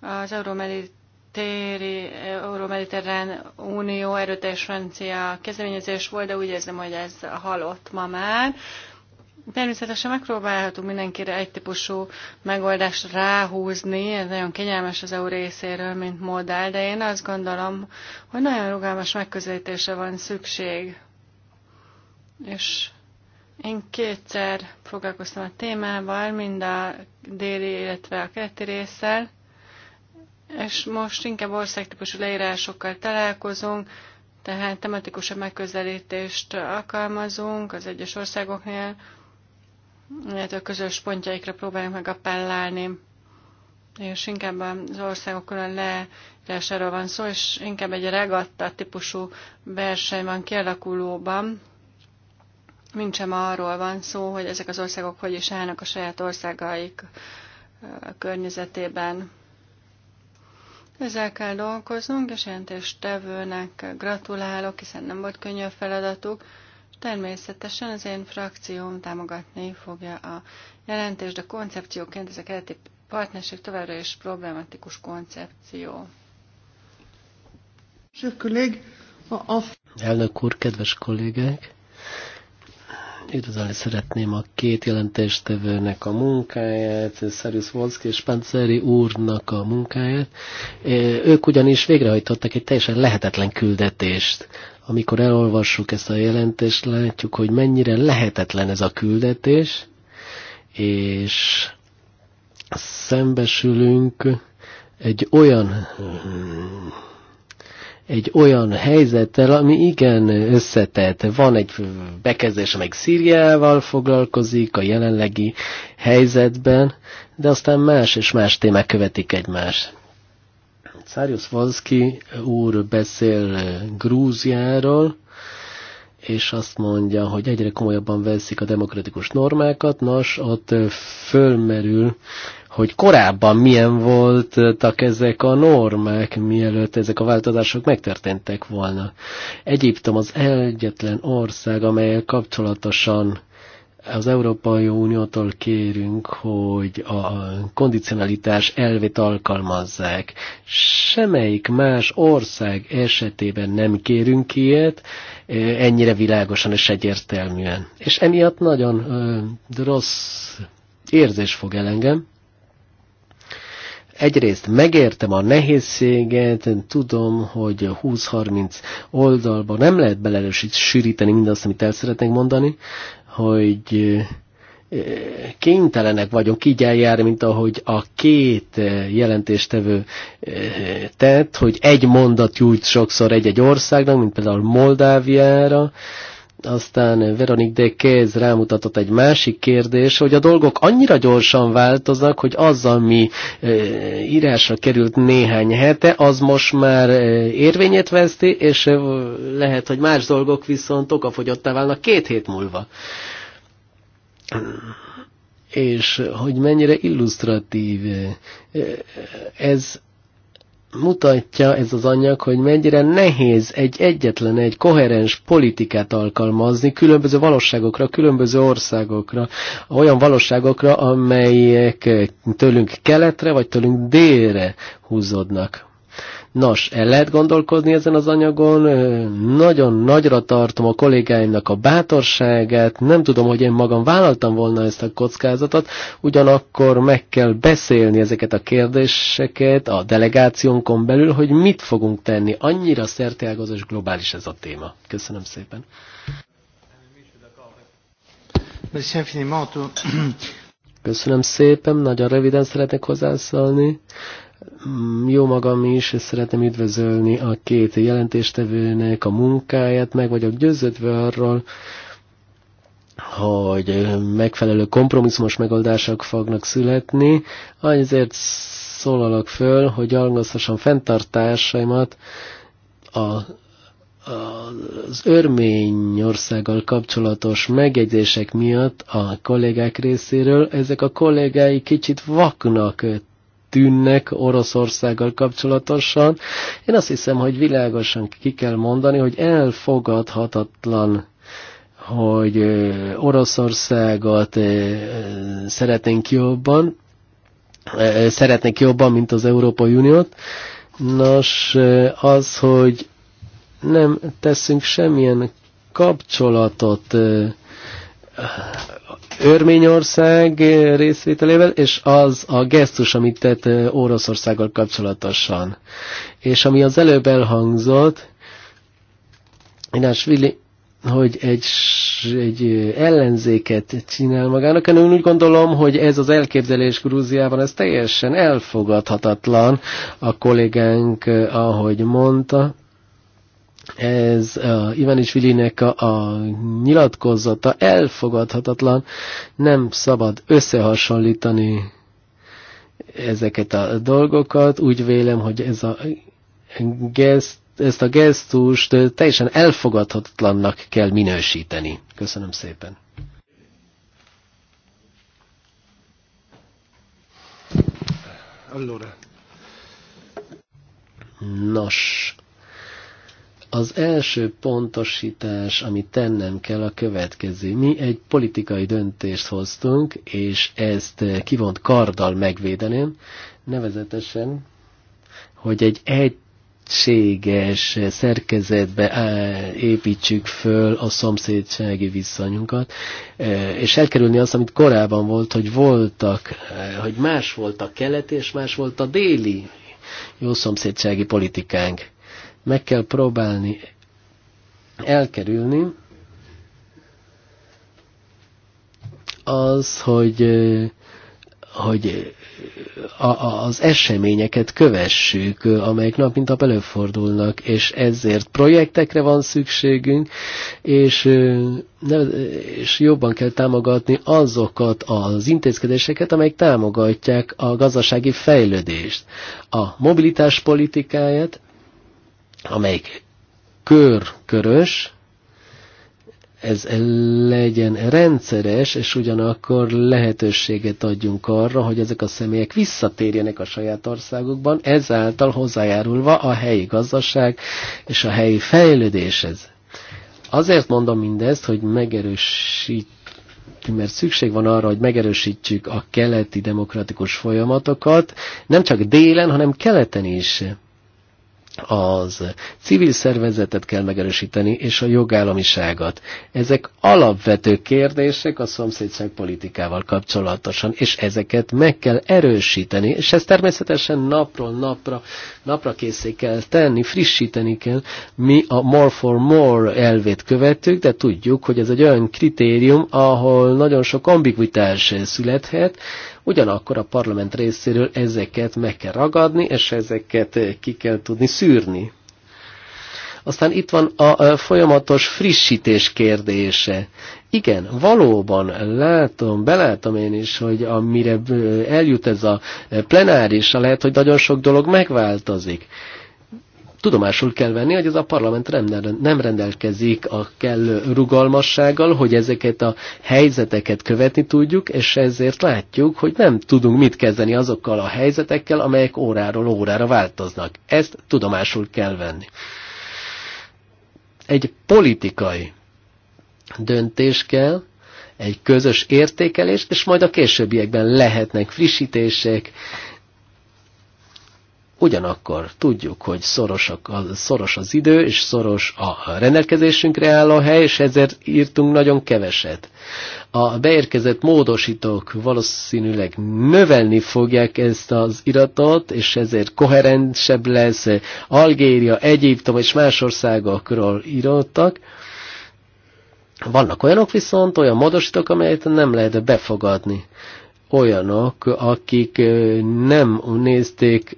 az Euromedit Euró-Mediterrán Unió erőteljes francia kezdeményezés volt, de úgy érzem, hogy ez halott ma már. Természetesen megpróbálhatunk mindenkire egy típusú megoldást ráhúzni, ez nagyon kényelmes az EU részéről, mint modell, de én azt gondolom, hogy nagyon rugalmas megközelítése van szükség. És én kétszer foglalkoztam a témával, mind a déli, illetve a keleti résszel, és most inkább országtípusú leírásokkal találkozunk, tehát tematikusabb megközelítést alkalmazunk az egyes országoknál, illetve a közös pontjaikra próbáljunk meg appellálni. És inkább az országok külön leírásáról van szó, és inkább egy regatta típusú verseny van kialakulóban. Mint sem arról van szó, hogy ezek az országok hogy is állnak a saját országaik környezetében. Ezzel kell dolgoznunk, és jelentéstevőnek gratulálok, hiszen nem volt könnyű a feladatuk. Természetesen az én frakcióm támogatni fogja a jelentést, de koncepcióként ez a keleti partnerség továbbra is problematikus koncepció. Elnök úr, kedves kollégák! Üdvözölni szeretném a két jelentéstevőnek a munkáját, Szerűsz Volszki és Panceri úrnak a munkáját. Ők ugyanis végrehajtottak egy teljesen lehetetlen küldetést. Amikor elolvassuk ezt a jelentést, látjuk, hogy mennyire lehetetlen ez a küldetés, és szembesülünk egy olyan egy olyan helyzettel, ami igen összetett. Van egy bekezdés, amely Szíriával foglalkozik a jelenlegi helyzetben, de aztán más és más témák követik egymást. Szárius Vanszki úr beszél eh, Grúziáról, és azt mondja, hogy egyre komolyabban veszik a demokratikus normákat, nos, ott eh, fölmerül hogy korábban milyen voltak ezek a normák, mielőtt ezek a változások megtörténtek volna. Egyiptom az egyetlen ország, amelyel kapcsolatosan az Európai Uniótól kérünk, hogy a kondicionalitás elvét alkalmazzák. Semmelyik más ország esetében nem kérünk ilyet, ennyire világosan és egyértelműen. És emiatt nagyon rossz érzés fog el engem, egyrészt megértem a nehézséget, tudom, hogy 20-30 oldalba nem lehet sűríteni mindazt, amit el szeretnék mondani, hogy eh, kénytelenek vagyunk így eljárni, mint ahogy a két eh, jelentéstevő eh, tett, hogy egy mondat jut sokszor egy-egy országnak, mint például Moldáviára, aztán eh, Veronik de Kéz rámutatott egy másik kérdés, hogy a dolgok annyira gyorsan változnak, hogy az, ami eh, írásra került néhány hete, az most már eh, érvényet veszti, és lehet, hogy más dolgok viszont okafogyottá válnak két hét múlva és hogy mennyire illusztratív ez mutatja ez az anyag, hogy mennyire nehéz egy egyetlen, egy koherens politikát alkalmazni különböző valóságokra, különböző országokra, olyan valóságokra, amelyek tőlünk keletre vagy tőlünk délre húzódnak. Nos, el lehet gondolkodni ezen az anyagon, nagyon nagyra tartom a kollégáimnak a bátorságát, nem tudom, hogy én magam vállaltam volna ezt a kockázatot, ugyanakkor meg kell beszélni ezeket a kérdéseket a delegációnkon belül, hogy mit fogunk tenni. Annyira szerteágazó és globális ez a téma. Köszönöm szépen. Köszönöm szépen, nagyon röviden szeretnék hozzászólni. Mm, jó magam is szeretem üdvözölni a két jelentéstevőnek a munkáját, meg vagyok győződve arról, hogy megfelelő kompromisszumos megoldások fognak születni, azért szólalok föl, hogy algasztosan fenntartásaimat a, a, az Örményországgal kapcsolatos megjegyzések miatt a kollégák részéről. Ezek a kollégái kicsit vaknak tűnnek Oroszországgal kapcsolatosan. Én azt hiszem, hogy világosan ki kell mondani, hogy elfogadhatatlan hogy Oroszországot szeretnénk jobban, szeretnék jobban, mint az Európai Uniót. Nos, az, hogy nem teszünk semmilyen kapcsolatot Örményország eh, részvételével, és az a gesztus, amit tett eh, Oroszországgal kapcsolatosan. És ami az előbb elhangzott, vili, hogy egy, egy eh, ellenzéket csinál magának. Én úgy gondolom, hogy ez az elképzelés Grúziában, ez teljesen elfogadhatatlan a kollégánk, ahogy mondta ez Ivanics Vilinek a, a nyilatkozata elfogadhatatlan, nem szabad összehasonlítani ezeket a dolgokat. Úgy vélem, hogy ez a geszt, ezt a gesztust teljesen elfogadhatatlannak kell minősíteni. Köszönöm szépen. Allora. Nos, az első pontosítás, amit tennem kell, a következő. Mi egy politikai döntést hoztunk, és ezt kivont karddal megvédeném, nevezetesen, hogy egy egy egységes szerkezetbe építsük föl a szomszédsági viszonyunkat, e, és elkerülni azt, amit korábban volt, hogy voltak, e, hogy más volt a keleti és más volt a déli jó szomszédsági politikánk meg kell próbálni elkerülni, az, hogy hogy az eseményeket kövessük, amelyek nap mint nap előfordulnak, és ezért projektekre van szükségünk, és, ne és jobban kell támogatni azokat az intézkedéseket, amelyek támogatják a gazdasági fejlődést, a mobilitás politikáját, amelyik körös, ez legyen rendszeres, és ugyanakkor lehetőséget adjunk arra, hogy ezek a személyek visszatérjenek a saját országukban, ezáltal hozzájárulva a helyi gazdaság és a helyi fejlődéshez. Azért mondom mindezt, hogy megerősít mert szükség van arra, hogy megerősítsük a keleti demokratikus folyamatokat, nem csak délen, hanem keleten is az civil szervezetet kell megerősíteni, és a jogállamiságot. Ezek alapvető kérdések a szomszédság politikával kapcsolatosan, és ezeket meg kell erősíteni, és ezt természetesen napról napra, napra készé kell tenni, frissíteni kell. Mi a more for more elvét követtük, de tudjuk, hogy ez egy olyan kritérium, ahol nagyon sok ambiguitás születhet, Ugyanakkor a parlament részéről ezeket meg kell ragadni, és ezeket ki kell tudni szűrni. Aztán itt van a folyamatos frissítés kérdése. Igen, valóban látom, belátom én is, hogy amire eljut ez a plenáris, lehet, hogy nagyon sok dolog megváltozik tudomásul kell venni, hogy ez a parlament nem rendelkezik a kellő rugalmassággal, hogy ezeket a helyzeteket követni tudjuk, és ezért látjuk, hogy nem tudunk mit kezdeni azokkal a helyzetekkel, amelyek óráról órára változnak. Ezt tudomásul kell venni. Egy politikai döntés kell, egy közös értékelés, és majd a későbbiekben lehetnek frissítések, Ugyanakkor tudjuk, hogy szorosak, szoros az idő, és szoros a rendelkezésünkre álló hely, és ezért írtunk nagyon keveset. A beérkezett módosítók valószínűleg növelni fogják ezt az iratot, és ezért koherensebb lesz Algéria, Egyiptom és más országokról írottak. Vannak olyanok viszont, olyan módosítók, amelyet nem lehet befogadni. Olyanok, akik nem nézték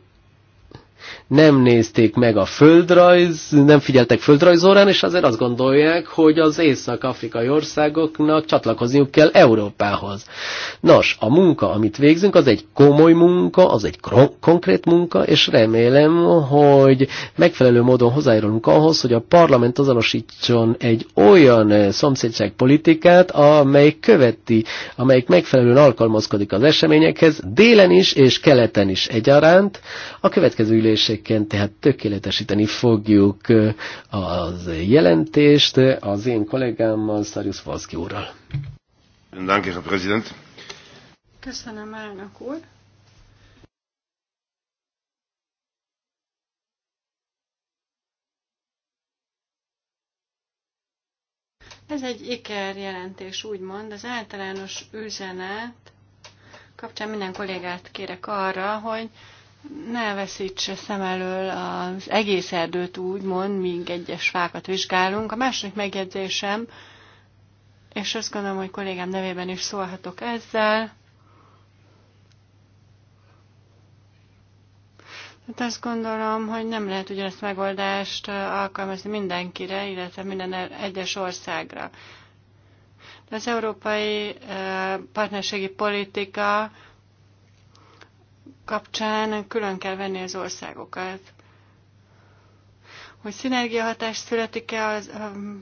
nem nézték meg a földrajz, nem figyeltek földrajzórán, és azért azt gondolják, hogy az észak-afrikai országoknak csatlakozniuk kell Európához. Nos, a munka, amit végzünk, az egy komoly munka, az egy konkrét munka, és remélem, hogy megfelelő módon hozzájárulunk ahhoz, hogy a parlament azonosítson egy olyan eh, szomszédságpolitikát, amely követi, amelyik megfelelően alkalmazkodik az eseményekhez, délen is és keleten is egyaránt, a következő ülések területeken, tehát tökéletesíteni fogjuk az jelentést az én kollégámmal, Szarius Valszki úrral. Köszönöm, elnök úr. Ez egy iker jelentés, úgymond. Az általános üzenet kapcsán minden kollégát kérek arra, hogy ne veszítse szem elől az egész erdőt mond, míg egyes fákat vizsgálunk. A második megjegyzésem, és azt gondolom, hogy kollégám nevében is szólhatok ezzel, Hát azt gondolom, hogy nem lehet ugyanezt megoldást alkalmazni mindenkire, illetve minden e- egyes országra. De az európai partnerségi politika kapcsán külön kell venni az országokat. Hogy szinergiahatás születik-e a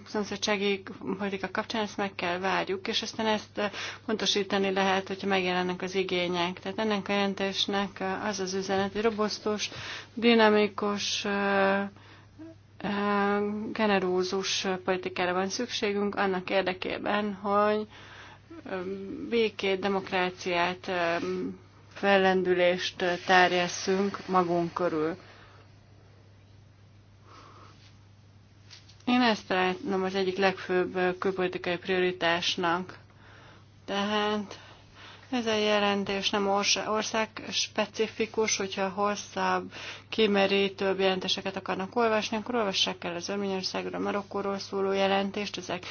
szomszédsági politika kapcsán, ezt meg kell várjuk, és aztán ezt eh, pontosítani lehet, hogyha megjelennek az igények. Tehát ennek a jelentésnek eh, az az üzenet, hogy robosztus, dinamikus, eh, generózus politikára van szükségünk annak érdekében, hogy békét, demokráciát fellendülést terjesszünk magunk körül. Én ezt látom az egyik legfőbb külpolitikai prioritásnak. Tehát ez a jelentés nem ország specifikus, hogyha hosszabb, kimerítőbb jelentéseket akarnak olvasni, akkor olvassák el az Örményországról, Marokkóról szóló jelentést, ezek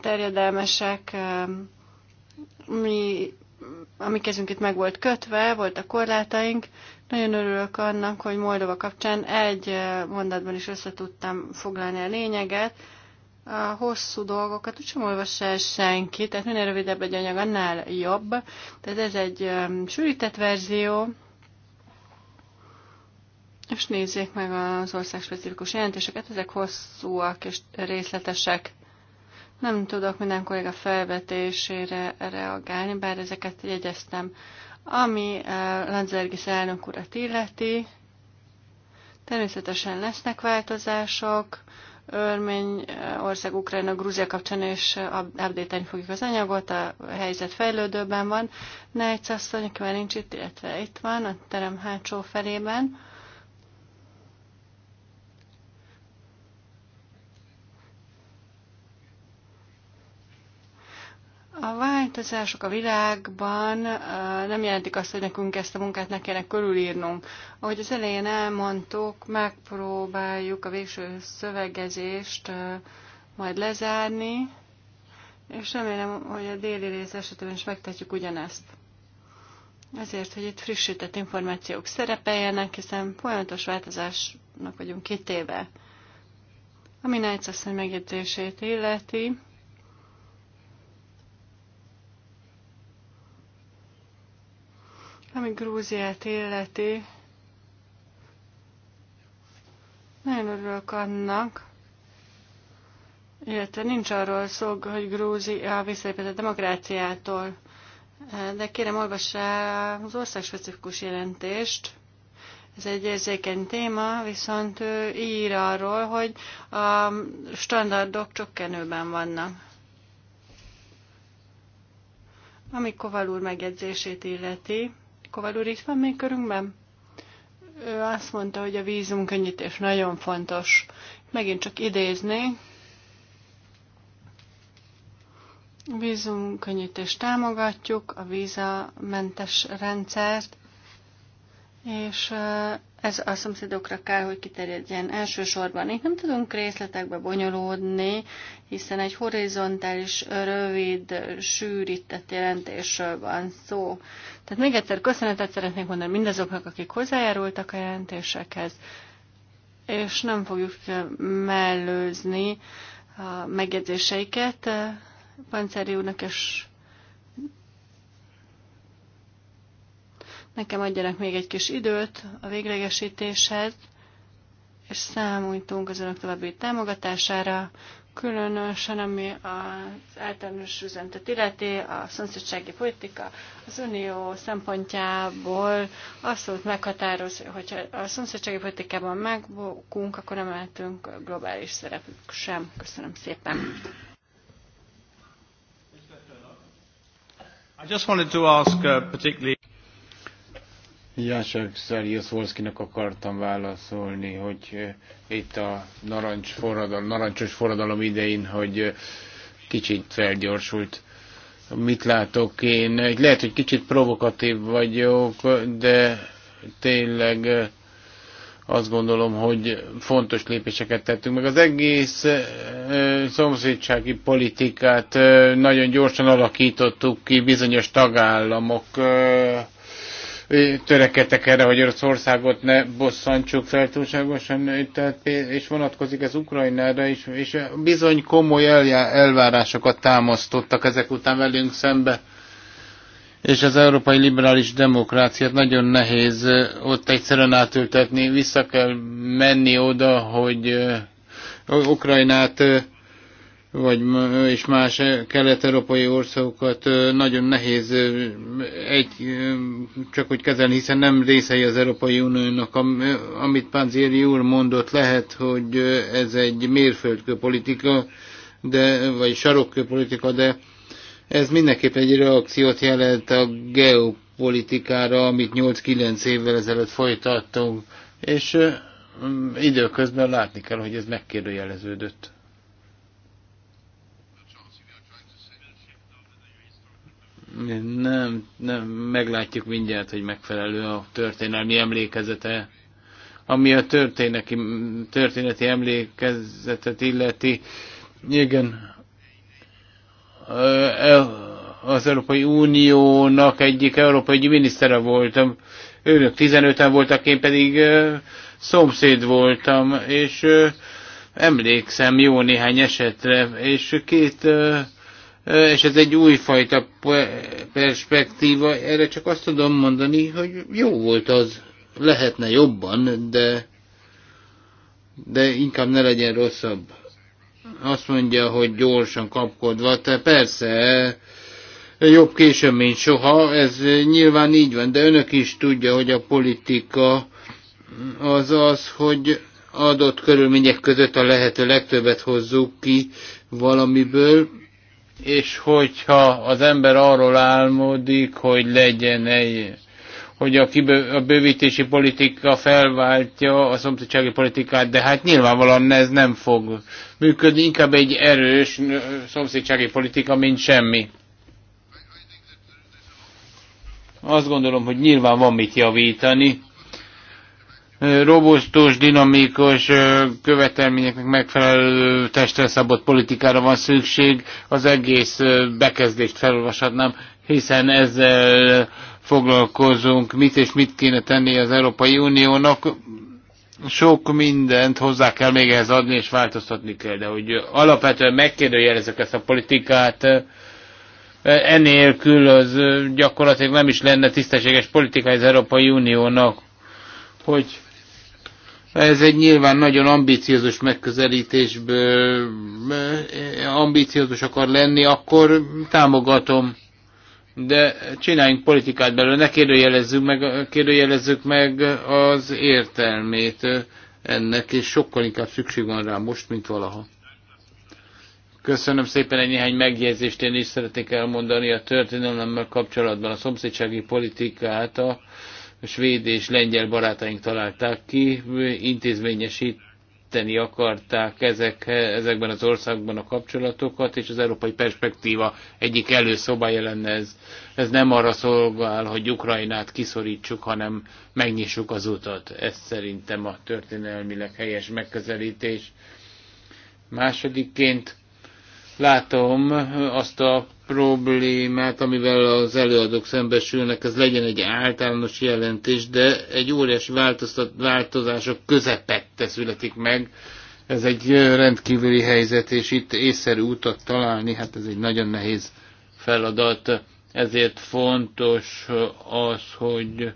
terjedelmesek. Mi a mi kezünk itt meg volt kötve, voltak korlátaink. Nagyon örülök annak, hogy Moldova kapcsán egy eh, mondatban is össze tudtam foglalni a lényeget. A hosszú dolgokat úgysem olvassa el senki, tehát minél rövidebb egy anyag, annál jobb. Tehát ez egy eh, sűrített verzió, és nézzék meg az ország specifikus jelentéseket, ezek hosszúak és részletesek. Nem tudok minden kolléga felvetésére reagálni, bár ezeket jegyeztem. Ami eh, Lanzergis elnök urat illeti, természetesen lesznek változások, Örmény eh, ország, Ukrajna, Grúzia kapcsán és eh, update fogjuk az anyagot, a helyzet fejlődőben van. Nejc asszony, akivel nincs itt, illetve itt van, a terem hátsó felében. A változások a világban nem jelentik azt, hogy nekünk ezt a munkát ne kellene körülírnunk. Ahogy az elején elmondtuk, megpróbáljuk a végső szövegezést majd lezárni, és remélem, hogy a déli rész esetében is megtetjük ugyanezt. Ezért, hogy itt frissített információk szerepeljenek, hiszen folyamatos változásnak vagyunk kitéve. Ami Nájc asszony megjegyzését illeti, Ami Grúziát életi, nagyon örülök annak, illetve nincs arról szó, hogy Grúzia visszalépett a demokráciától, de kérem, olvassa az országspecifikus jelentést. Ez egy érzékeny téma, viszont ő ír arról, hogy a standardok csökkenőben vannak. Ami Koval úr megjegyzését illeti, Koval úr itt van még körünkben? Ő azt mondta, hogy a vízumkönnyítés nagyon fontos. Megint csak idézni. Vízumkönnyítést támogatjuk, a vízamentes rendszert, és ez a szomszédokra kell, hogy kiterjedjen elsősorban. Itt nem tudunk részletekbe bonyolódni, hiszen egy horizontális, rövid, sűrített jelentésről van szó. Tehát még egyszer köszönetet szeretnék mondani mindazoknak, akik hozzájárultak a jelentésekhez, és nem fogjuk mellőzni a megjegyzéseiket. Panceri úrnak és Nekem adjanak még egy kis időt a véglegesítéshez, és számoljunk az önök további támogatására, különösen ami az általános üzenetet illeti, a szomszédsági politika az unió szempontjából abszolút meghatároz, hogyha a szomszédsági politikában megbukunk, akkor nem lehetünk globális szerepük sem. Köszönöm szépen. I just wanted to ask, uh, particularly... Jászak Szerjuszvolszkinak akartam válaszolni, hogy eh, itt a narancs forradalom, narancsos forradalom idején, hogy eh, kicsit felgyorsult. Mit látok én? Lehet, hogy kicsit provokatív vagyok, de tényleg eh, azt gondolom, hogy fontos lépéseket tettünk meg. Az egész szomszédsági politikát nagyon gyorsan alakítottuk ki bizonyos tagállamok törekedtek erre, hogy Oroszországot ne bosszantsuk fel túlságosan, tehát, és vonatkozik ez Ukrajnára is, és bizony komoly eljá, elvárásokat támasztottak ezek után velünk szembe. És az európai liberális demokráciát nagyon nehéz ott egyszerűen átültetni, vissza kell menni oda, hogy Ukrajnát vagy és más kelet-európai országokat nagyon nehéz egy, csak úgy kezelni, hiszen nem részei az Európai Uniónak. Amit Panzéri úr mondott, lehet, hogy ez egy politika, de, vagy politika, de ez mindenképp egy reakciót jelent a geopolitikára, amit 8-9 évvel ezelőtt folytattunk, és időközben látni kell, hogy ez megkérdőjeleződött. nem, nem, meglátjuk mindjárt, hogy megfelelő a történelmi emlékezete. Ami a történeti, történeti emlékezetet illeti, igen, az Európai Uniónak egyik európai minisztere voltam. Őnök 15-en voltak, én pedig szomszéd voltam, és emlékszem jó néhány esetre, és két és ez egy újfajta perspektíva. Erre csak azt tudom mondani, hogy jó volt az, lehetne jobban, de, de inkább ne legyen rosszabb. Azt mondja, hogy gyorsan kapkodva, te persze, jobb később, mint soha, ez nyilván így van, de önök is tudja, hogy a politika az az, hogy adott körülmények között a lehető legtöbbet hozzuk ki valamiből, és hogyha az ember arról álmodik, hogy legyen egy, hogy a, kibő, a bővítési politika felváltja a szomszédsági politikát, de hát nyilvánvalóan ez nem fog működni, inkább egy erős szomszédsági politika, mint semmi. Azt gondolom, hogy nyilván van mit javítani, robusztus, dinamikus követelményeknek megfelelő testre szabott politikára van szükség. Az egész bekezdést felolvashatnám, hiszen ezzel foglalkozunk, mit és mit kéne tenni az Európai Uniónak. Sok mindent hozzá kell még ehhez adni, és változtatni kell, de hogy alapvetően megkérdőjelezek ezt a politikát, enélkül az gyakorlatilag nem is lenne tisztességes politika az Európai Uniónak, hogy ez egy nyilván nagyon ambíciózus megközelítésből, eh, ambíciózus akar lenni, akkor támogatom. De csináljunk politikát belőle, ne kérdőjelezzük meg, kérdőjelezzük meg az értelmét ennek, és sokkal inkább szükség van rá most, mint valaha. Köszönöm szépen, egy néhány megjegyzést én is szeretnék elmondani a történelemmel kapcsolatban. A szomszédsági politikát a svéd és lengyel barátaink találták ki, intézményesíteni akarták ezek, ezekben az országban a kapcsolatokat, és az európai perspektíva egyik előszobája lenne ez. Ez nem arra szolgál, hogy Ukrajnát kiszorítsuk, hanem megnyissuk az utat. Ez szerintem a történelmileg helyes megközelítés. Másodikként látom azt a problémát, amivel az előadók szembesülnek, ez legyen egy általános jelentés, de egy óriási változások közepette születik meg. Ez egy rendkívüli helyzet, és itt észszerű utat találni, hát ez egy nagyon nehéz feladat. Ezért fontos az, hogy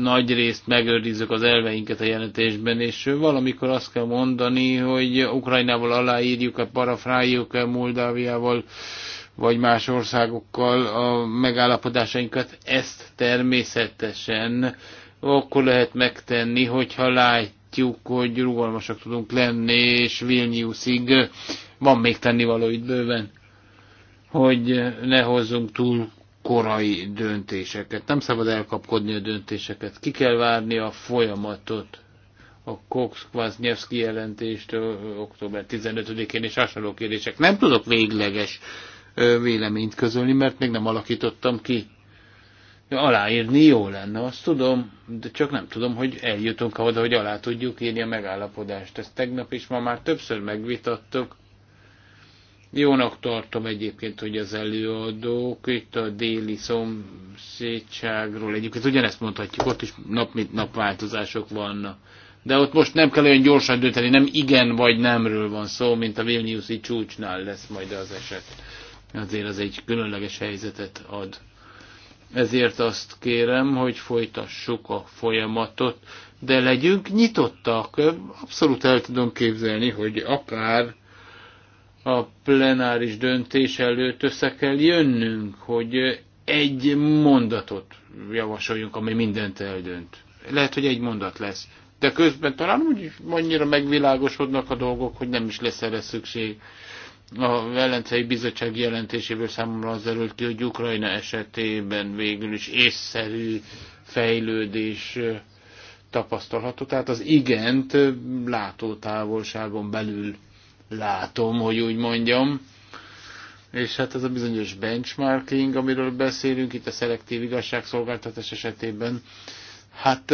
nagy részt megőrizzük az elveinket a jelentésben, és valamikor azt kell mondani, hogy Ukrajnával aláírjuk-e, parafráljuk-e Moldáviával, vagy más országokkal a megállapodásainkat, ezt természetesen akkor lehet megtenni, hogyha látjuk, hogy rugalmasak tudunk lenni, és Vilniusig van még tennivaló itt bőven, hogy ne hozzunk túl korai döntéseket. Nem szabad elkapkodni a döntéseket. Ki kell várni a folyamatot. A cox Kwasniewski jelentést október 15-én és hasonló kérdések. Nem tudok végleges véleményt közölni, mert még nem alakítottam ki. Aláírni jó lenne, azt tudom, de csak nem tudom, hogy eljutunk ahhoz, hogy alá tudjuk írni a megállapodást. Ezt tegnap is ma már többször megvitattuk Jónak tartom egyébként, hogy az előadók itt a déli szomszédságról, egyébként ugyanezt mondhatjuk, ott is nap mint nap változások vannak. De ott most nem kell olyan gyorsan dönteni, nem igen vagy nemről van szó, mint a Vilniuszi csúcsnál lesz majd az eset. Azért az egy különleges helyzetet ad. Ezért azt kérem, hogy folytassuk a folyamatot, de legyünk nyitottak. Abszolút el tudom képzelni, hogy akár a plenáris döntés előtt össze kell jönnünk, hogy egy mondatot javasoljunk, ami mindent eldönt. Lehet, hogy egy mondat lesz. De közben talán úgy annyira megvilágosodnak a dolgok, hogy nem is lesz erre szükség. A Velencei Bizottság jelentéséből számomra az előtt ki, hogy Ukrajna esetében végül is észszerű fejlődés tapasztalható. Tehát az igent látó távolságon belül látom, hogy úgy mondjam. És hát ez a bizonyos benchmarking, amiről beszélünk itt a szelektív igazságszolgáltatás esetében, hát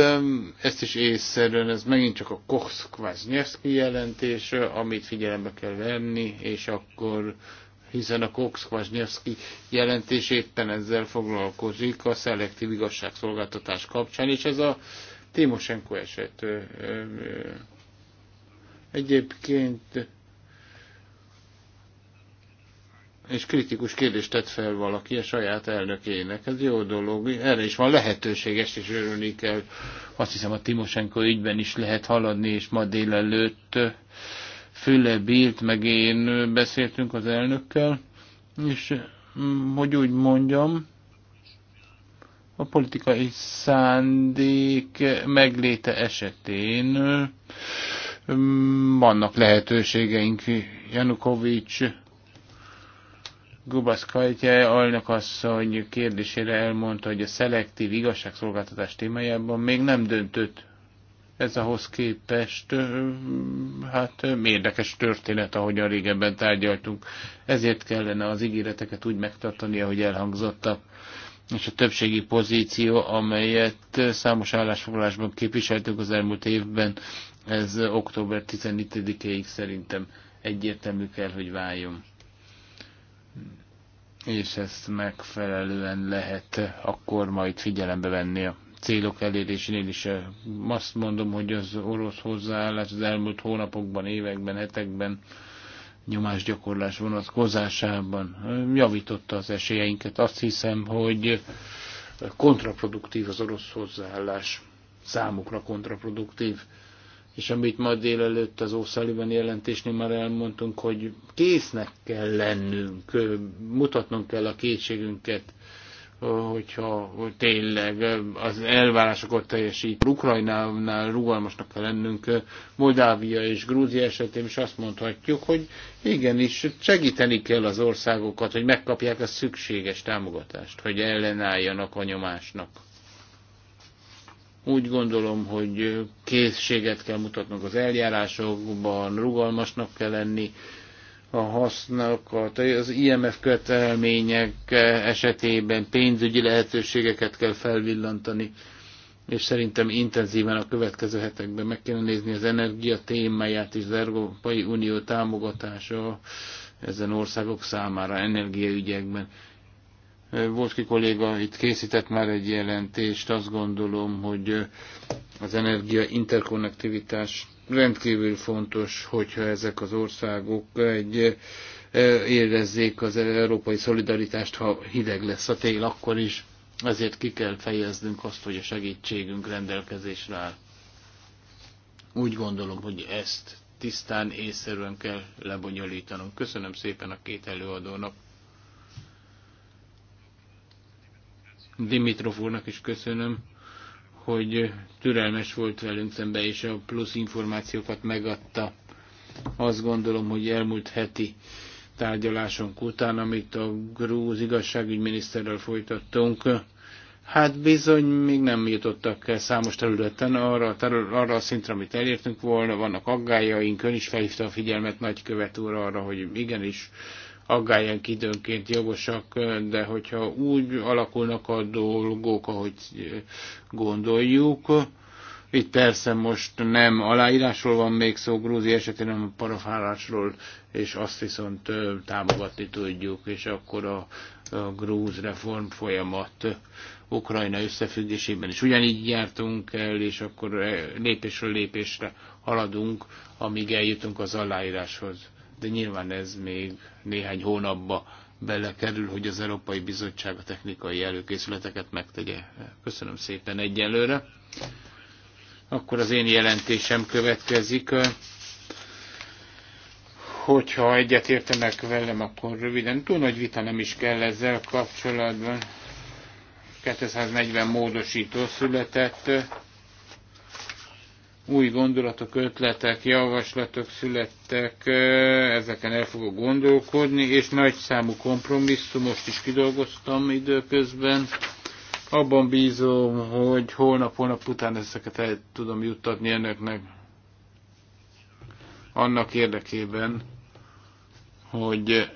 ezt is észszerűen, ez megint csak a Kokszkváznyevszki jelentés, amit figyelembe kell venni, és akkor hiszen a Kokszkvazsnyevszki jelentés éppen ezzel foglalkozik a szelektív igazságszolgáltatás kapcsán, és ez a Timosenko eset. Egyébként és kritikus kérdést tett fel valaki a saját elnökének. Ez jó dolog, erre is van lehetőség, ezt is örülni kell. Azt hiszem a Timosenko ügyben is lehet haladni, és ma délelőtt Füle Bilt meg én beszéltünk az elnökkel, és mm, hogy úgy mondjam, a politikai szándék megléte esetén mm, vannak lehetőségeink. Janukovics Gubaszkajtja alnakasszony kérdésére elmondta, hogy a szelektív igazságszolgáltatás témájában még nem döntött. Ez ahhoz képest, hát érdekes történet, ahogy a régebben tárgyaltunk. Ezért kellene az ígéreteket úgy megtartani, ahogy elhangzottak. És a többségi pozíció, amelyet számos állásfoglalásban képviseltünk az elmúlt évben, ez október 15-ig szerintem egyértelmű kell, hogy váljon és ezt megfelelően lehet akkor majd figyelembe venni a célok elérésénél is. Azt mondom, hogy az orosz hozzáállás az elmúlt hónapokban, években, hetekben nyomásgyakorlás vonatkozásában javította az esélyeinket. Azt hiszem, hogy kontraproduktív az orosz hozzáállás. Számukra kontraproduktív és amit ma délelőtt az Ószaliben jelentésnél már elmondtunk, hogy késznek kell lennünk, mutatnunk kell a kétségünket, hogyha hogy tényleg az elvárásokat teljesít. Ukrajnánál rugalmasnak kell lennünk, Moldávia és Grúzia esetében is azt mondhatjuk, hogy igenis segíteni kell az országokat, hogy megkapják a szükséges támogatást, hogy ellenálljanak a nyomásnak. Úgy gondolom, hogy készséget kell mutatnunk az eljárásokban, rugalmasnak kell lenni, a hasznakat, az IMF kötelmények esetében pénzügyi lehetőségeket kell felvillantani, és szerintem intenzíven a következő hetekben meg kell nézni az energia témáját és az Európai Unió támogatása ezen országok számára energiaügyekben. Volski kolléga itt készített már egy jelentést, azt gondolom, hogy az energia interkonnektivitás rendkívül fontos, hogyha ezek az országok egy e, érezzék az európai szolidaritást, ha hideg lesz a tél, akkor is. Ezért ki kell fejeznünk azt, hogy a segítségünk rendelkezésre áll. Úgy gondolom, hogy ezt tisztán észszerűen kell lebonyolítanunk. Köszönöm szépen a két előadónak. Dimitrov úrnak is köszönöm, hogy türelmes volt velünk szembe, és a plusz információkat megadta. Azt gondolom, hogy elmúlt heti tárgyalásunk után, amit a grúz igazságügyminiszterrel folytattunk, hát bizony még nem jutottak el számos területen arra, terül, arra a szintre, amit elértünk volna, vannak aggájaink, ön is felhívta a figyelmet nagykövet úr arra, hogy igenis aggályánk időnként jogosak, de hogyha úgy alakulnak a dolgok, ahogy gondoljuk, itt persze most nem aláírásról van még szó Grúzi esetén, hanem parafálásról, és azt viszont támogatni tudjuk, és akkor a, a grúz reform folyamat Ukrajna összefüggésében is ugyanígy jártunk el, és akkor lépésről lépésre haladunk, amíg eljutunk az aláíráshoz de nyilván ez még néhány hónapba belekerül, hogy az Európai Bizottság a technikai előkészületeket megtegye. Köszönöm szépen egyelőre. Akkor az én jelentésem következik. Hogyha egyet értenek velem, akkor röviden. Túl nagy vita nem is kell ezzel kapcsolatban. 240 módosító született új gondolatok, ötletek, javaslatok születtek, ezeken el fogok gondolkodni, és nagy számú most is kidolgoztam időközben. Abban bízom, hogy holnap-holnap után ezeket el tudom juttatni önöknek. Annak érdekében, hogy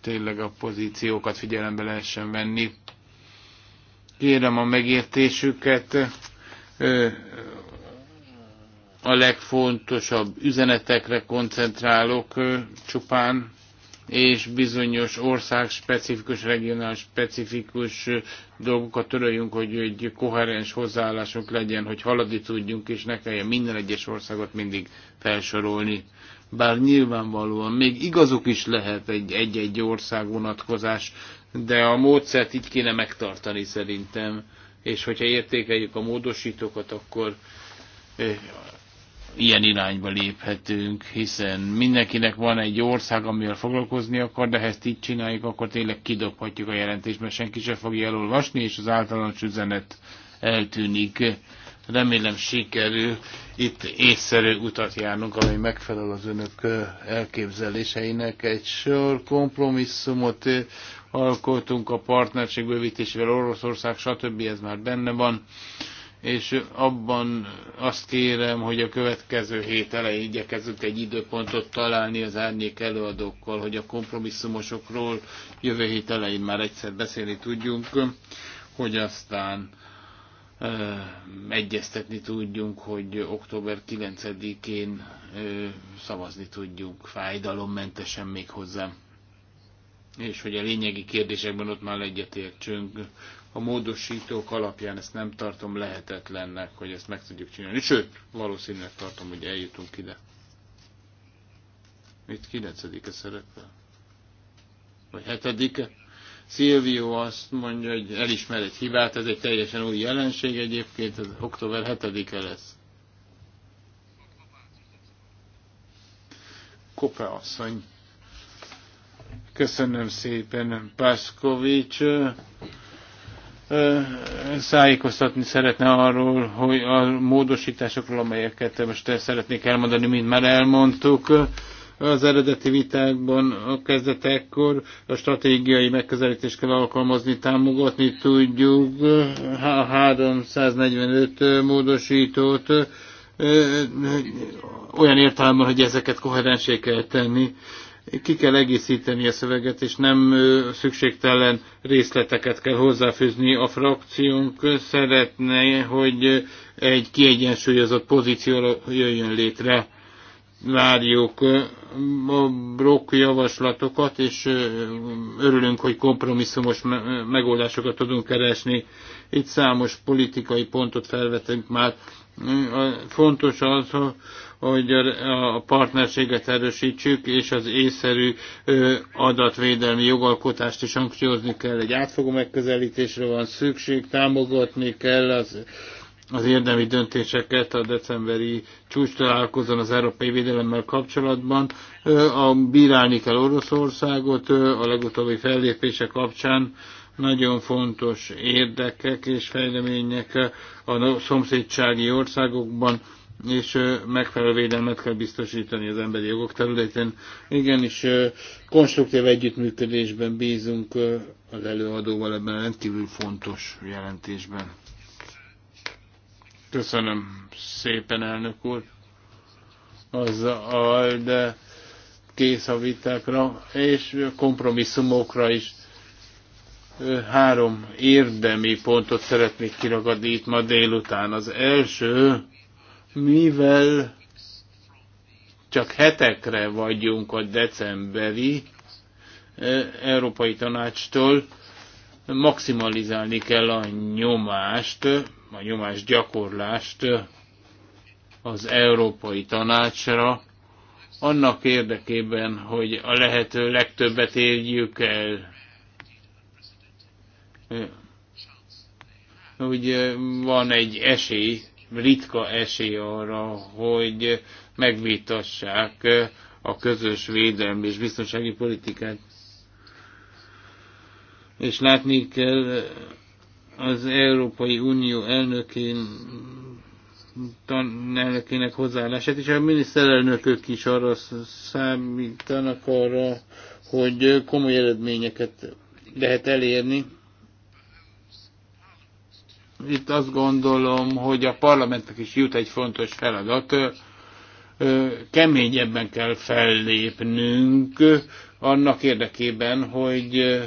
tényleg a pozíciókat figyelembe lehessen venni. Kérem a megértésüket a legfontosabb üzenetekre koncentrálok csupán, és bizonyos ország specifikus, regionális specifikus dolgokat töröljünk, hogy egy koherens hozzáállásunk legyen, hogy haladni tudjunk, és ne kelljen minden egyes országot mindig felsorolni. Bár nyilvánvalóan még igazuk is lehet egy-egy ország vonatkozás, de a módszert így kéne megtartani szerintem, és hogyha értékeljük a módosítókat, akkor ilyen irányba léphetünk, hiszen mindenkinek van egy ország, amivel foglalkozni akar, de ha ezt így csináljuk, akkor tényleg kidobhatjuk a jelentést, mert senki sem fogja elolvasni, és az általános üzenet eltűnik. Remélem sikerül itt észszerű utat járnunk, ami megfelel az önök elképzeléseinek. Egy sor kompromisszumot alkotunk a partnerség bővítésével, Oroszország, stb. ez már benne van és abban azt kérem, hogy a következő hét elején igyekezzünk egy időpontot találni az árnyék előadókkal, hogy a kompromisszumosokról jövő hét elején már egyszer beszélni tudjunk, hogy aztán ö, egyeztetni tudjunk, hogy október 9-én szavazni tudjunk fájdalommentesen még hozzá és hogy a lényegi kérdésekben ott már egyetértsünk a módosítók alapján ezt nem tartom lehetetlennek, hogy ezt meg tudjuk csinálni. Sőt, valószínűleg tartom, hogy eljutunk ide. Itt kilencedike szerepel? Vagy hetedike? Szilvió azt mondja, hogy elismer egy hibát, ez egy teljesen új jelenség egyébként, ez október 7-e lesz. Kope asszony. Köszönöm szépen, Pászkovics szájékoztatni szeretne arról, hogy a módosításokról, amelyeket most szeretnék elmondani, mint már elmondtuk az eredeti vitákban a kezdetekkor, a stratégiai megközelítést kell alkalmazni, támogatni tudjuk a 345 módosítót, olyan értelemben, hogy ezeket koherensé kell tenni ki kell egészíteni a szöveget, és nem szükségtelen részleteket kell hozzáfűzni. A frakciónk szeretné, hogy egy kiegyensúlyozott pozícióra jöjjön létre. Várjuk a brok javaslatokat, és örülünk, hogy kompromisszumos megoldásokat tudunk keresni. Itt számos politikai pontot felvetünk már. Fontos az, hogy a partnerséget erősítsük, és az észszerű adatvédelmi jogalkotást is hangsúlyozni kell. Egy átfogó megközelítésre van szükség, támogatni kell az az érdemi döntéseket a decemberi csúcs találkozón az európai védelemmel kapcsolatban. A bírálni kell Oroszországot a legutóbbi fellépése kapcsán nagyon fontos érdekek és fejlemények a szomszédsági országokban és megfelelő védelmet kell biztosítani az emberi jogok területén. Igenis, konstruktív együttműködésben bízunk az előadóval ebben a rendkívül fontos jelentésben. Köszönöm szépen, elnök úr. Az a, de kész a vitákra, és kompromisszumokra is három érdemi pontot szeretnék kiragadni itt ma délután. Az első mivel csak hetekre vagyunk a decemberi eh, Európai Tanácstól, maximalizálni kell a nyomást, a nyomás gyakorlást az Európai Tanácsra, annak érdekében, hogy a lehető legtöbbet érjük el. Ugye eh, eh, van egy esély ritka esély arra, hogy megvitassák a közös védelmi és biztonsági politikát. És látni kell az Európai Unió elnökén elnökének hozzáállását, és a miniszterelnökök is arra számítanak arra, hogy komoly eredményeket lehet elérni itt azt gondolom, hogy a parlamentnek is jut egy fontos feladat, keményebben kell fellépnünk annak érdekében, hogy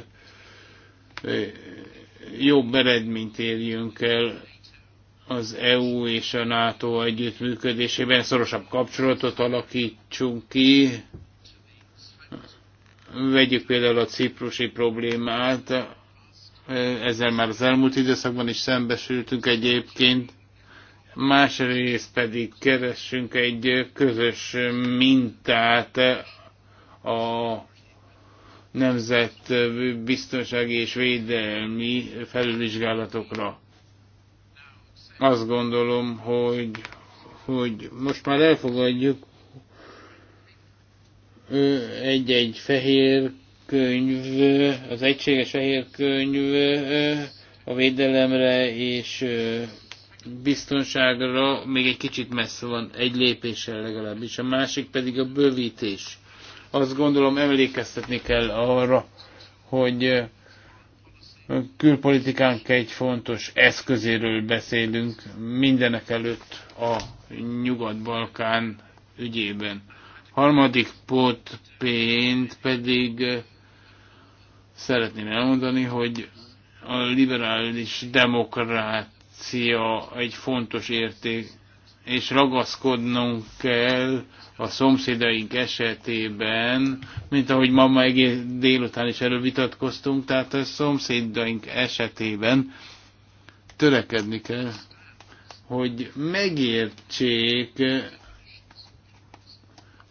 jobb eredményt érjünk el az EU és a NATO együttműködésében, szorosabb kapcsolatot alakítsunk ki, vegyük például a ciprusi problémát, ezzel már az elmúlt időszakban is szembesültünk egyébként, másrészt pedig keressünk egy közös mintát a nemzet biztonsági és védelmi felülvizsgálatokra. Azt gondolom, hogy, hogy most már elfogadjuk egy-egy fehér könyv, az egységes fehér könyv a védelemre és biztonságra még egy kicsit messze van, egy lépéssel legalábbis. A másik pedig a bővítés. Azt gondolom emlékeztetni kell arra, hogy külpolitikánk egy fontos eszközéről beszélünk mindenek előtt a Nyugat-Balkán ügyében. Harmadik pótpént pedig szeretném elmondani, hogy a liberális demokrácia egy fontos érték, és ragaszkodnunk kell a szomszédaink esetében, mint ahogy ma, ma egész délután is erről vitatkoztunk, tehát a szomszédaink esetében törekedni kell, hogy megértsék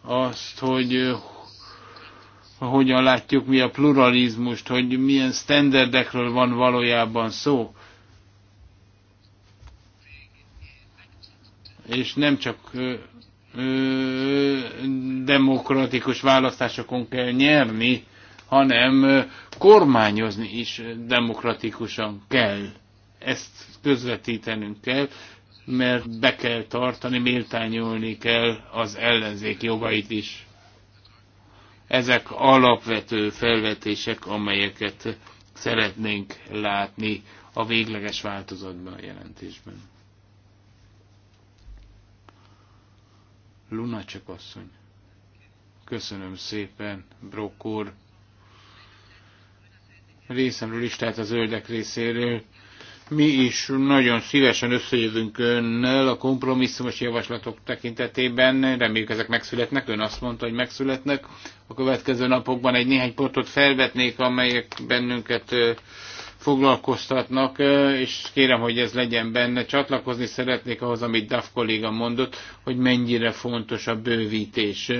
azt, hogy hogyan látjuk mi a pluralizmust, hogy milyen sztenderdekről van valójában szó. És nem csak ö, ö, demokratikus választásokon kell nyerni, hanem ö, kormányozni is demokratikusan kell. Ezt közvetítenünk kell, mert be kell tartani, méltányolni kell az ellenzék jogait is. Ezek alapvető felvetések, amelyeket szeretnénk látni a végleges változatban a jelentésben. Lunacsek asszony. Köszönöm szépen, Brokkor. Részemről is, tehát az öldek részéről mi is nagyon szívesen összejövünk önnel a kompromisszumos javaslatok tekintetében. Reméljük ezek megszületnek. Ön azt mondta, hogy megszületnek. A következő napokban egy néhány pontot felvetnék, amelyek bennünket foglalkoztatnak, és kérem, hogy ez legyen benne. Csatlakozni szeretnék ahhoz, amit DAF kolléga mondott, hogy mennyire fontos a bővítés.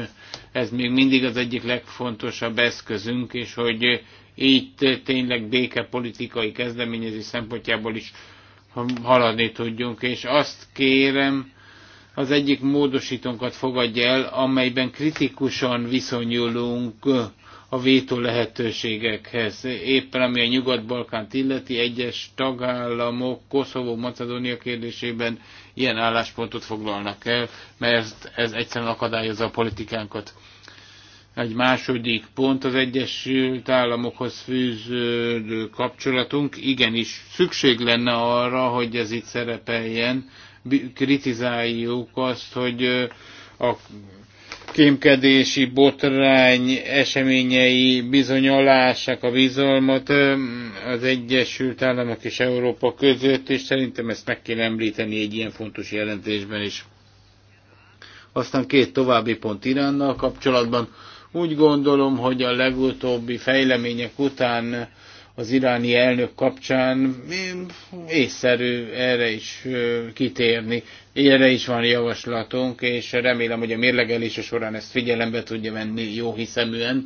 Ez még mindig az egyik legfontosabb eszközünk, és hogy így tényleg békepolitikai kezdeményezés szempontjából is haladni tudjunk, és azt kérem, az egyik módosítónkat fogadja el, amelyben kritikusan viszonyulunk a vétó lehetőségekhez. Éppen ami a Nyugat-Balkánt illeti, egyes tagállamok Koszovó-Macedónia kérdésében ilyen álláspontot foglalnak el, mert ez egyszerűen akadályozza a politikánkat. Egy második pont az Egyesült Államokhoz fűződő kapcsolatunk. Igenis, szükség lenne arra, hogy ez itt szerepeljen. Kritizáljuk azt, hogy a kémkedési botrány eseményei bizonyolásak a bizalmat az Egyesült Államok és Európa között, és szerintem ezt meg kell említeni egy ilyen fontos jelentésben is. Aztán két további pont Iránnal kapcsolatban. Úgy gondolom, hogy a legutóbbi fejlemények után az iráni elnök kapcsán észszerű erre is kitérni. Erre is van javaslatunk, és remélem, hogy a mérlegelése során ezt figyelembe tudja venni jó hiszeműen.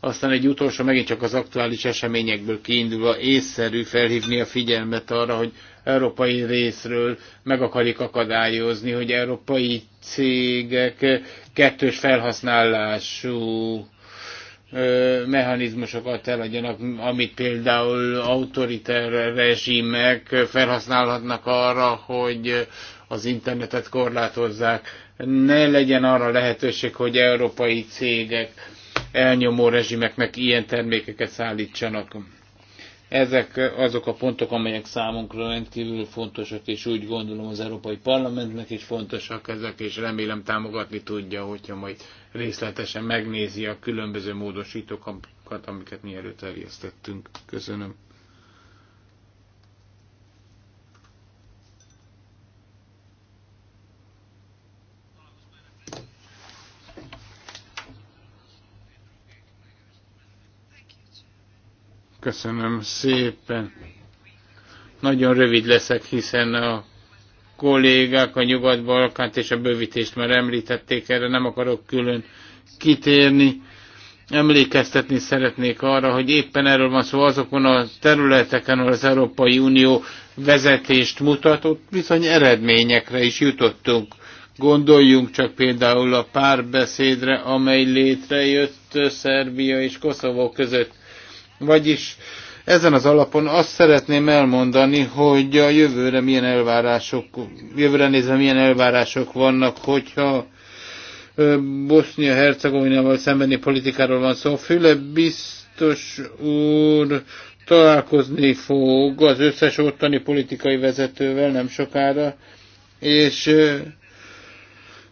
Aztán egy utolsó, megint csak az aktuális eseményekből kiindulva észszerű felhívni a figyelmet arra, hogy európai részről meg akarik akadályozni, hogy európai cégek kettős felhasználású mechanizmusokat eladjanak, amit például autoriter rezsimek felhasználhatnak arra, hogy az internetet korlátozzák. Ne legyen arra lehetőség, hogy európai cégek elnyomó rezsimeknek ilyen termékeket szállítsanak. Ezek azok a pontok, amelyek számunkra rendkívül fontosak, és úgy gondolom az Európai Parlamentnek is fontosak ezek, és remélem támogatni tudja, hogyha majd részletesen megnézi a különböző módosítókat, amiket mi előterjesztettünk. Köszönöm. Köszönöm szépen. Nagyon rövid leszek, hiszen a kollégák a Nyugat-Balkánt és a bővítést már említették, erre nem akarok külön kitérni. Emlékeztetni szeretnék arra, hogy éppen erről van szó azokon a területeken, ahol az Európai Unió vezetést mutatott, bizony eredményekre is jutottunk. Gondoljunk csak például a párbeszédre, amely létrejött Szerbia és Koszovó között vagyis ezen az alapon azt szeretném elmondani, hogy a jövőre milyen elvárások, jövőre nézve milyen elvárások vannak, hogyha Bosznia-Hercegovinával szembeni politikáról van szó. Füle biztos úr találkozni fog az összes ottani politikai vezetővel nem sokára, és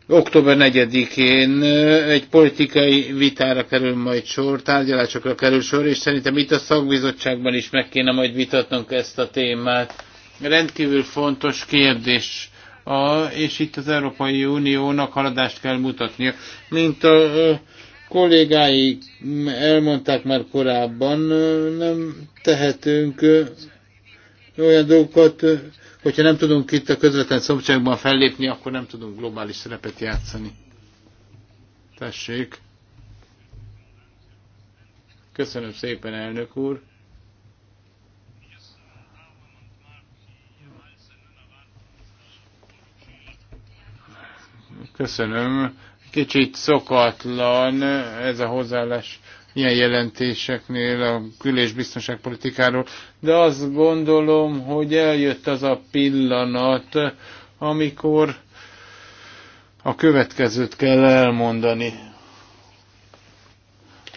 Október 4-én egy politikai vitára kerül majd sor, tárgyalásokra kerül sor, és szerintem itt a szakbizottságban is meg kéne majd vitatnunk ezt a témát. Rendkívül fontos kérdés, a, és itt az Európai Uniónak haladást kell mutatnia. Mint a, a kollégái elmondták már korábban, nem tehetünk olyan dolgokat, Hogyha nem tudunk itt a közvetlen szomszédságban fellépni, akkor nem tudunk globális szerepet játszani. Tessék. Köszönöm szépen, elnök úr. Köszönöm. Kicsit szokatlan ez a hozzáállás ilyen jelentéseknél a kül- és biztonságpolitikáról, de azt gondolom, hogy eljött az a pillanat, amikor a következőt kell elmondani.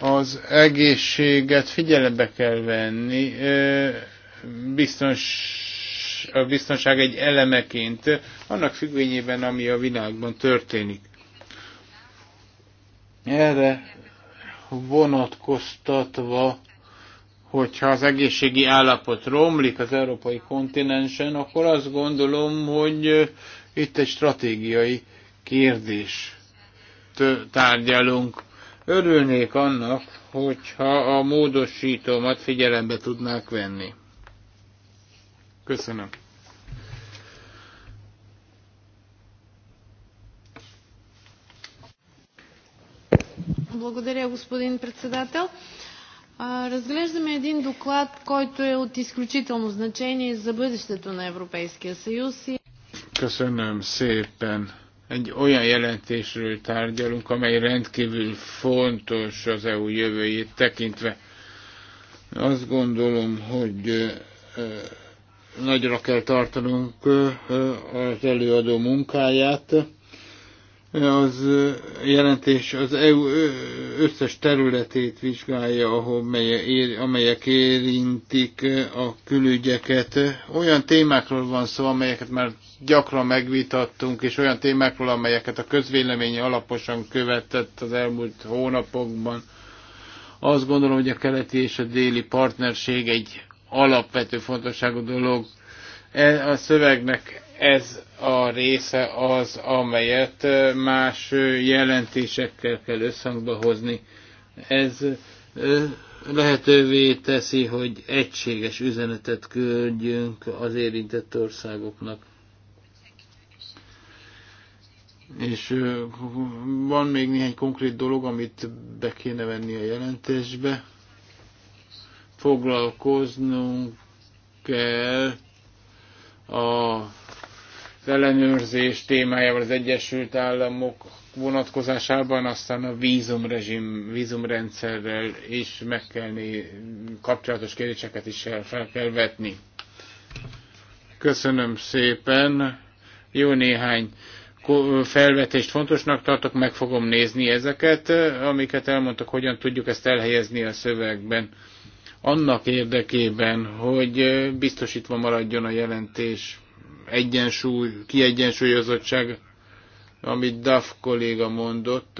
Az egészséget figyelembe kell venni, biztons, a biztonság egy elemeként, annak függvényében, ami a világban történik. Erre vonatkoztatva, hogyha az egészségi állapot romlik az európai kontinensen, akkor azt gondolom, hogy itt egy stratégiai kérdés tárgyalunk. Örülnék annak, hogyha a módosítómat figyelembe tudnák venni. Köszönöm. Благодаря, господин председател. Разглеждаме един доклад, който е от изключително значение за бъдещето на Европейския съюз. Köszönöm szépen. Egy olyan jelentésről tárgyalunk, amely rendkívül fontos az EU jövőjét tekintve. Azt gondolom, hogy nagyra kell tartanunk az előadó munkáját az jelentés az EU összes területét vizsgálja, ahol melyek, amelyek érintik a külügyeket. Olyan témákról van szó, amelyeket már gyakran megvitattunk, és olyan témákról, amelyeket a közvélemény alaposan követett az elmúlt hónapokban. Azt gondolom, hogy a keleti és a déli partnerség egy alapvető fontosságú dolog. E, a szövegnek ez a része az, amelyet más jelentésekkel kell összhangba hozni. Ez lehetővé teszi, hogy egységes üzenetet küldjünk az érintett országoknak. És van még néhány konkrét dolog, amit be kéne venni a jelentésbe. Foglalkoznunk kell a ellenőrzés témájával az Egyesült Államok vonatkozásában, aztán a vízumrezsim, vízumrendszerrel is meg kell né, kapcsolatos kérdéseket is fel kell vetni. Köszönöm szépen. Jó néhány felvetést fontosnak tartok, meg fogom nézni ezeket, amiket elmondtak, hogyan tudjuk ezt elhelyezni a szövegben. Annak érdekében, hogy biztosítva maradjon a jelentés egyensúly, kiegyensúlyozottság, amit DAF kolléga mondott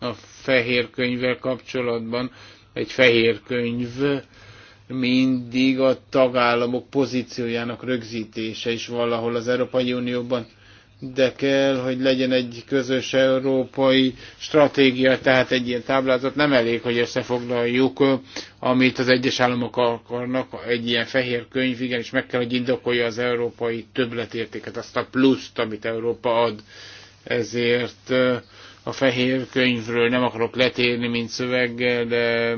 a fehér könyvvel kapcsolatban. Egy fehér könyv mindig a tagállamok pozíciójának rögzítése is valahol az Európai Unióban de kell, hogy legyen egy közös európai stratégia, tehát egy ilyen táblázat nem elég, hogy összefoglaljuk, amit az egyes államok akarnak, egy ilyen fehér könyv, igenis meg kell, hogy indokolja az európai többletértéket, azt a pluszt, amit Európa ad. Ezért eh, a fehér könyvről nem akarok letérni, mint szöveggel, de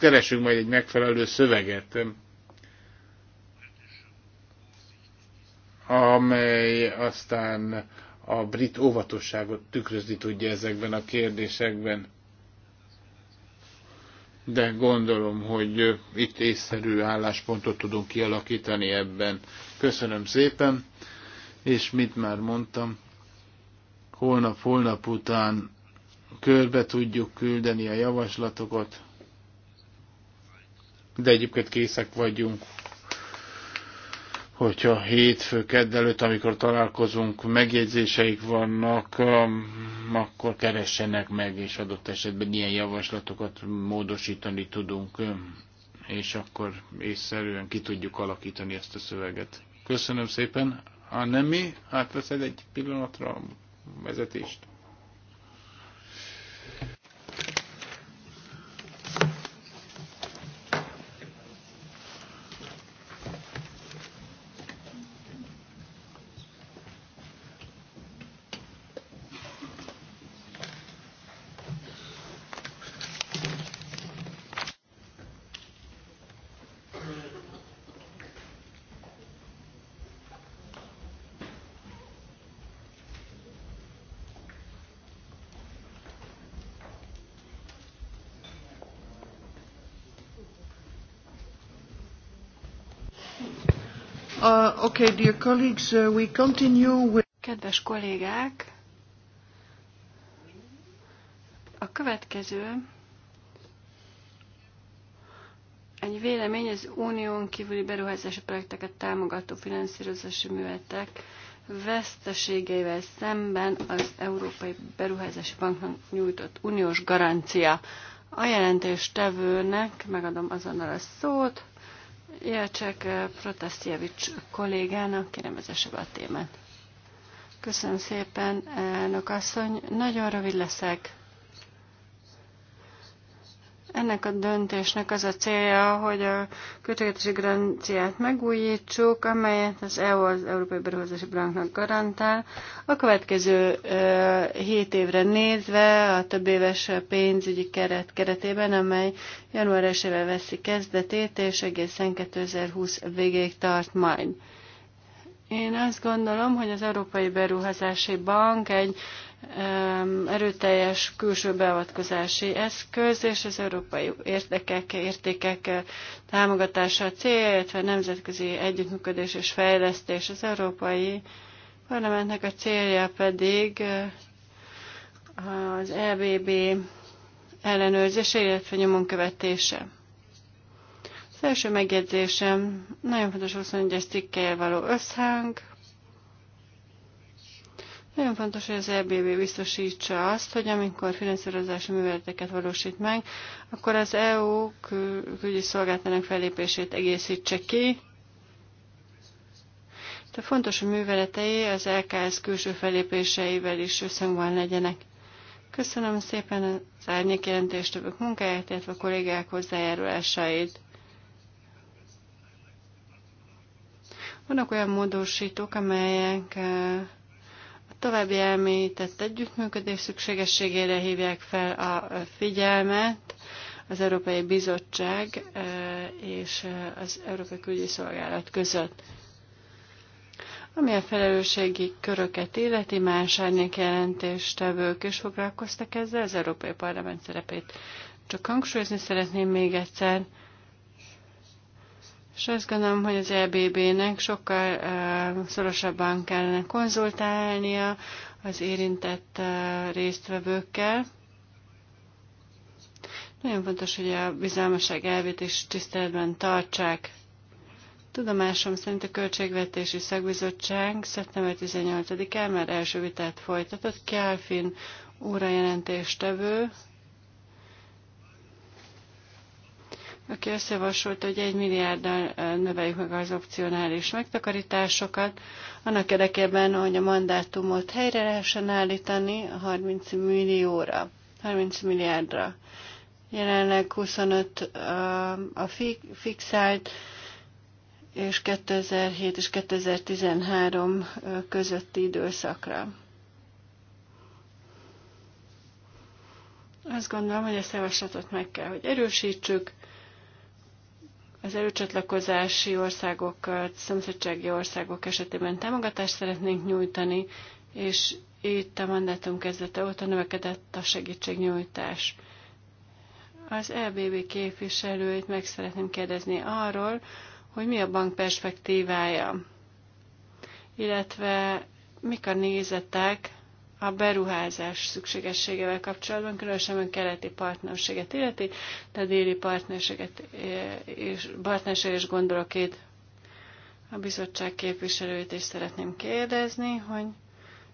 keresünk majd egy megfelelő szöveget. amely aztán a brit óvatosságot tükrözni tudja ezekben a kérdésekben. De gondolom, hogy itt észszerű álláspontot tudunk kialakítani ebben. Köszönöm szépen, és mit már mondtam, holnap-holnap után körbe tudjuk küldeni a javaslatokat, de egyébként készek vagyunk hogyha hétfő kedd előtt, amikor találkozunk, megjegyzéseik vannak, um, akkor keressenek meg, és adott esetben ilyen javaslatokat módosítani tudunk, um, és akkor észszerűen ki tudjuk alakítani ezt a szöveget. Köszönöm szépen. A nemi, átveszed egy pillanatra a vezetést. Okay, dear colleagues, uh, we continue with... Kedves kollégák, a következő egy vélemény az unión kívüli beruházási projekteket támogató finanszírozási művetek veszteségeivel szemben az Európai Beruházási Banknak nyújtott uniós garancia. A jelentéstevőnek megadom azonnal a szót, Jelcsek eh, Protasztjevics kollégának, kérem vezesse be a témát. Köszönöm szépen, elnök asszony. Nagyon rövid leszek. Ennek a döntésnek az a célja, hogy a költségvetési garanciát megújítsuk, amelyet az EU az Európai Beruházási Banknak garantál. A következő 7 évre nézve a több éves pénzügyi keret keretében, amely január 1 veszi kezdetét, és egészen 2020 végéig tart majd. Én azt gondolom, hogy az Európai Beruházási Bank egy erőteljes külső beavatkozási eszköz, és az európai érdekek, értékek támogatása a cél, illetve nemzetközi együttműködés és fejlesztés. Az európai parlamentnek a célja pedig eh, az EBB ellenőrzése, illetve nyomon követése. Az első megjegyzésem, nagyon fontos 21-es cikkel való összhang, nagyon fontos, hogy az EBB biztosítsa azt, hogy amikor finanszírozási műveleteket valósít meg, akkor az EU kül- külügyi szolgáltának felépését egészítse ki. De fontos, hogy műveletei az LKS külső felépéseivel is összhangban legyenek. Köszönöm szépen az árnyék többök munkáját, illetve a kollégák hozzájárulásait. Vannak olyan módosítók, amelyek eh, További elmélyített együttműködés szükségességére hívják fel a figyelmet az Európai Bizottság e, és az Európai Külügyi Szolgálat között. Ami a felelősségi köröket illeti, más árnyék jelentéstevők is foglalkoztak ezzel, az Európai Parlament szerepét csak hangsúlyozni szeretném még egyszer. És azt gondolom, hogy az EBB-nek sokkal uh, szorosabban kellene konzultálnia az érintett uh, résztvevőkkel. Nagyon fontos, hogy a bizalmaság elvét is tiszteletben tartsák. Tudomásom szerint a Költségvetési Szakbizottság szeptember 18-án már első vitát folytatott. Kjálfin úra aki azt hogy egy milliárddal növeljük meg az opcionális megtakarításokat, annak érdekében, hogy a mandátumot helyre lehessen állítani 30 millióra, 30 milliárdra. Jelenleg 25 a fixált, és 2007 és 2013 közötti időszakra. Azt gondolom, hogy ezt a javaslatot meg kell, hogy erősítsük, az előcsatlakozási országok, szomszédsági országok esetében támogatást szeretnénk nyújtani, és itt a mandátum kezdete óta növekedett a segítségnyújtás. Az LBB e képviselőit meg szeretném kérdezni arról, hogy mi a bank perspektívája, illetve mik a nézetek a beruházás szükségességevel kapcsolatban, különösen a keleti partnerséget illeti, de a déli partnerséget eh, és, partnerséget is gondolok itt a bizottság képviselőit is szeretném kérdezni, hogy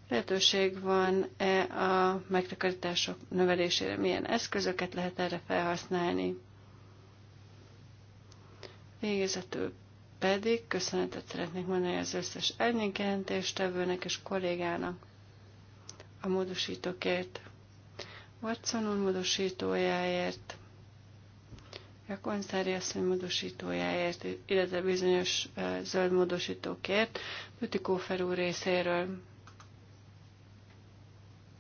lehetőség van-e a megtakarítások növelésére, milyen eszközöket lehet erre felhasználni. Végezetül pedig köszönetet szeretnék mondani az összes elnyékjelentéstevőnek és kollégának a módosítókért. Watson úr módosítójáért, a konszári asszony módosítójáért, illetve bizonyos zöld módosítókért, Bütikófer úr részéről.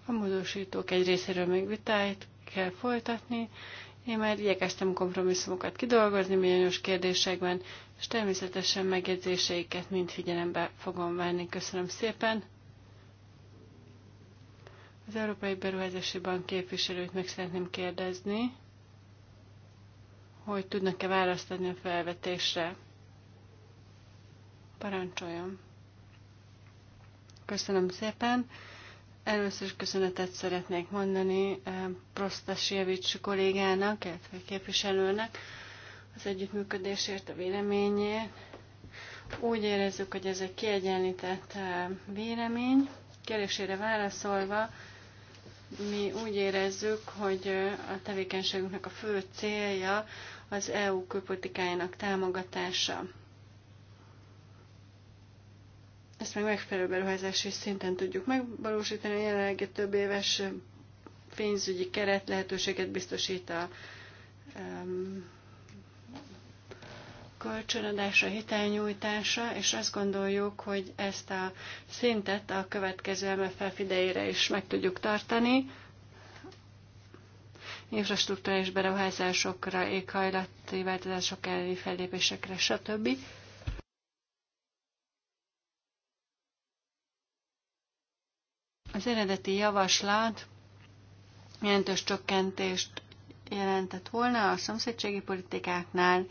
A módosítók egy részéről még vitáit kell folytatni, én már igyekeztem kompromisszumokat kidolgozni bizonyos kérdésekben, és természetesen megjegyzéseiket mind figyelembe fogom venni. Köszönöm szépen! Az Európai Beruházási Bank képviselőt meg szeretném kérdezni, hogy tudnak-e választ adni a felvetésre. Parancsoljon. Köszönöm szépen. Először is köszönetet szeretnék mondani eh, Prostasjevics kollégának, illetve képviselőnek az együttműködésért, a véleményét. Úgy érezzük, hogy ez egy kiegyenlített eh, vélemény. Kérésére válaszolva, mi úgy érezzük, hogy a tevékenységünknek a fő célja az EU külpolitikájának támogatása. Ezt meg megfelelő beruházási szinten tudjuk megvalósítani. A jelenlegi több éves pénzügyi keret lehetőséget biztosít a um, kölcsönadása, hitelnyújtása és azt gondoljuk, hogy ezt a szintet a következő MFF idejére is meg tudjuk tartani. Infrastruktúrális beruházásokra, éghajlati változások elleni fellépésekre, stb. Az eredeti javaslat jelentős csökkentést jelentett volna a szomszédségi politikáknál,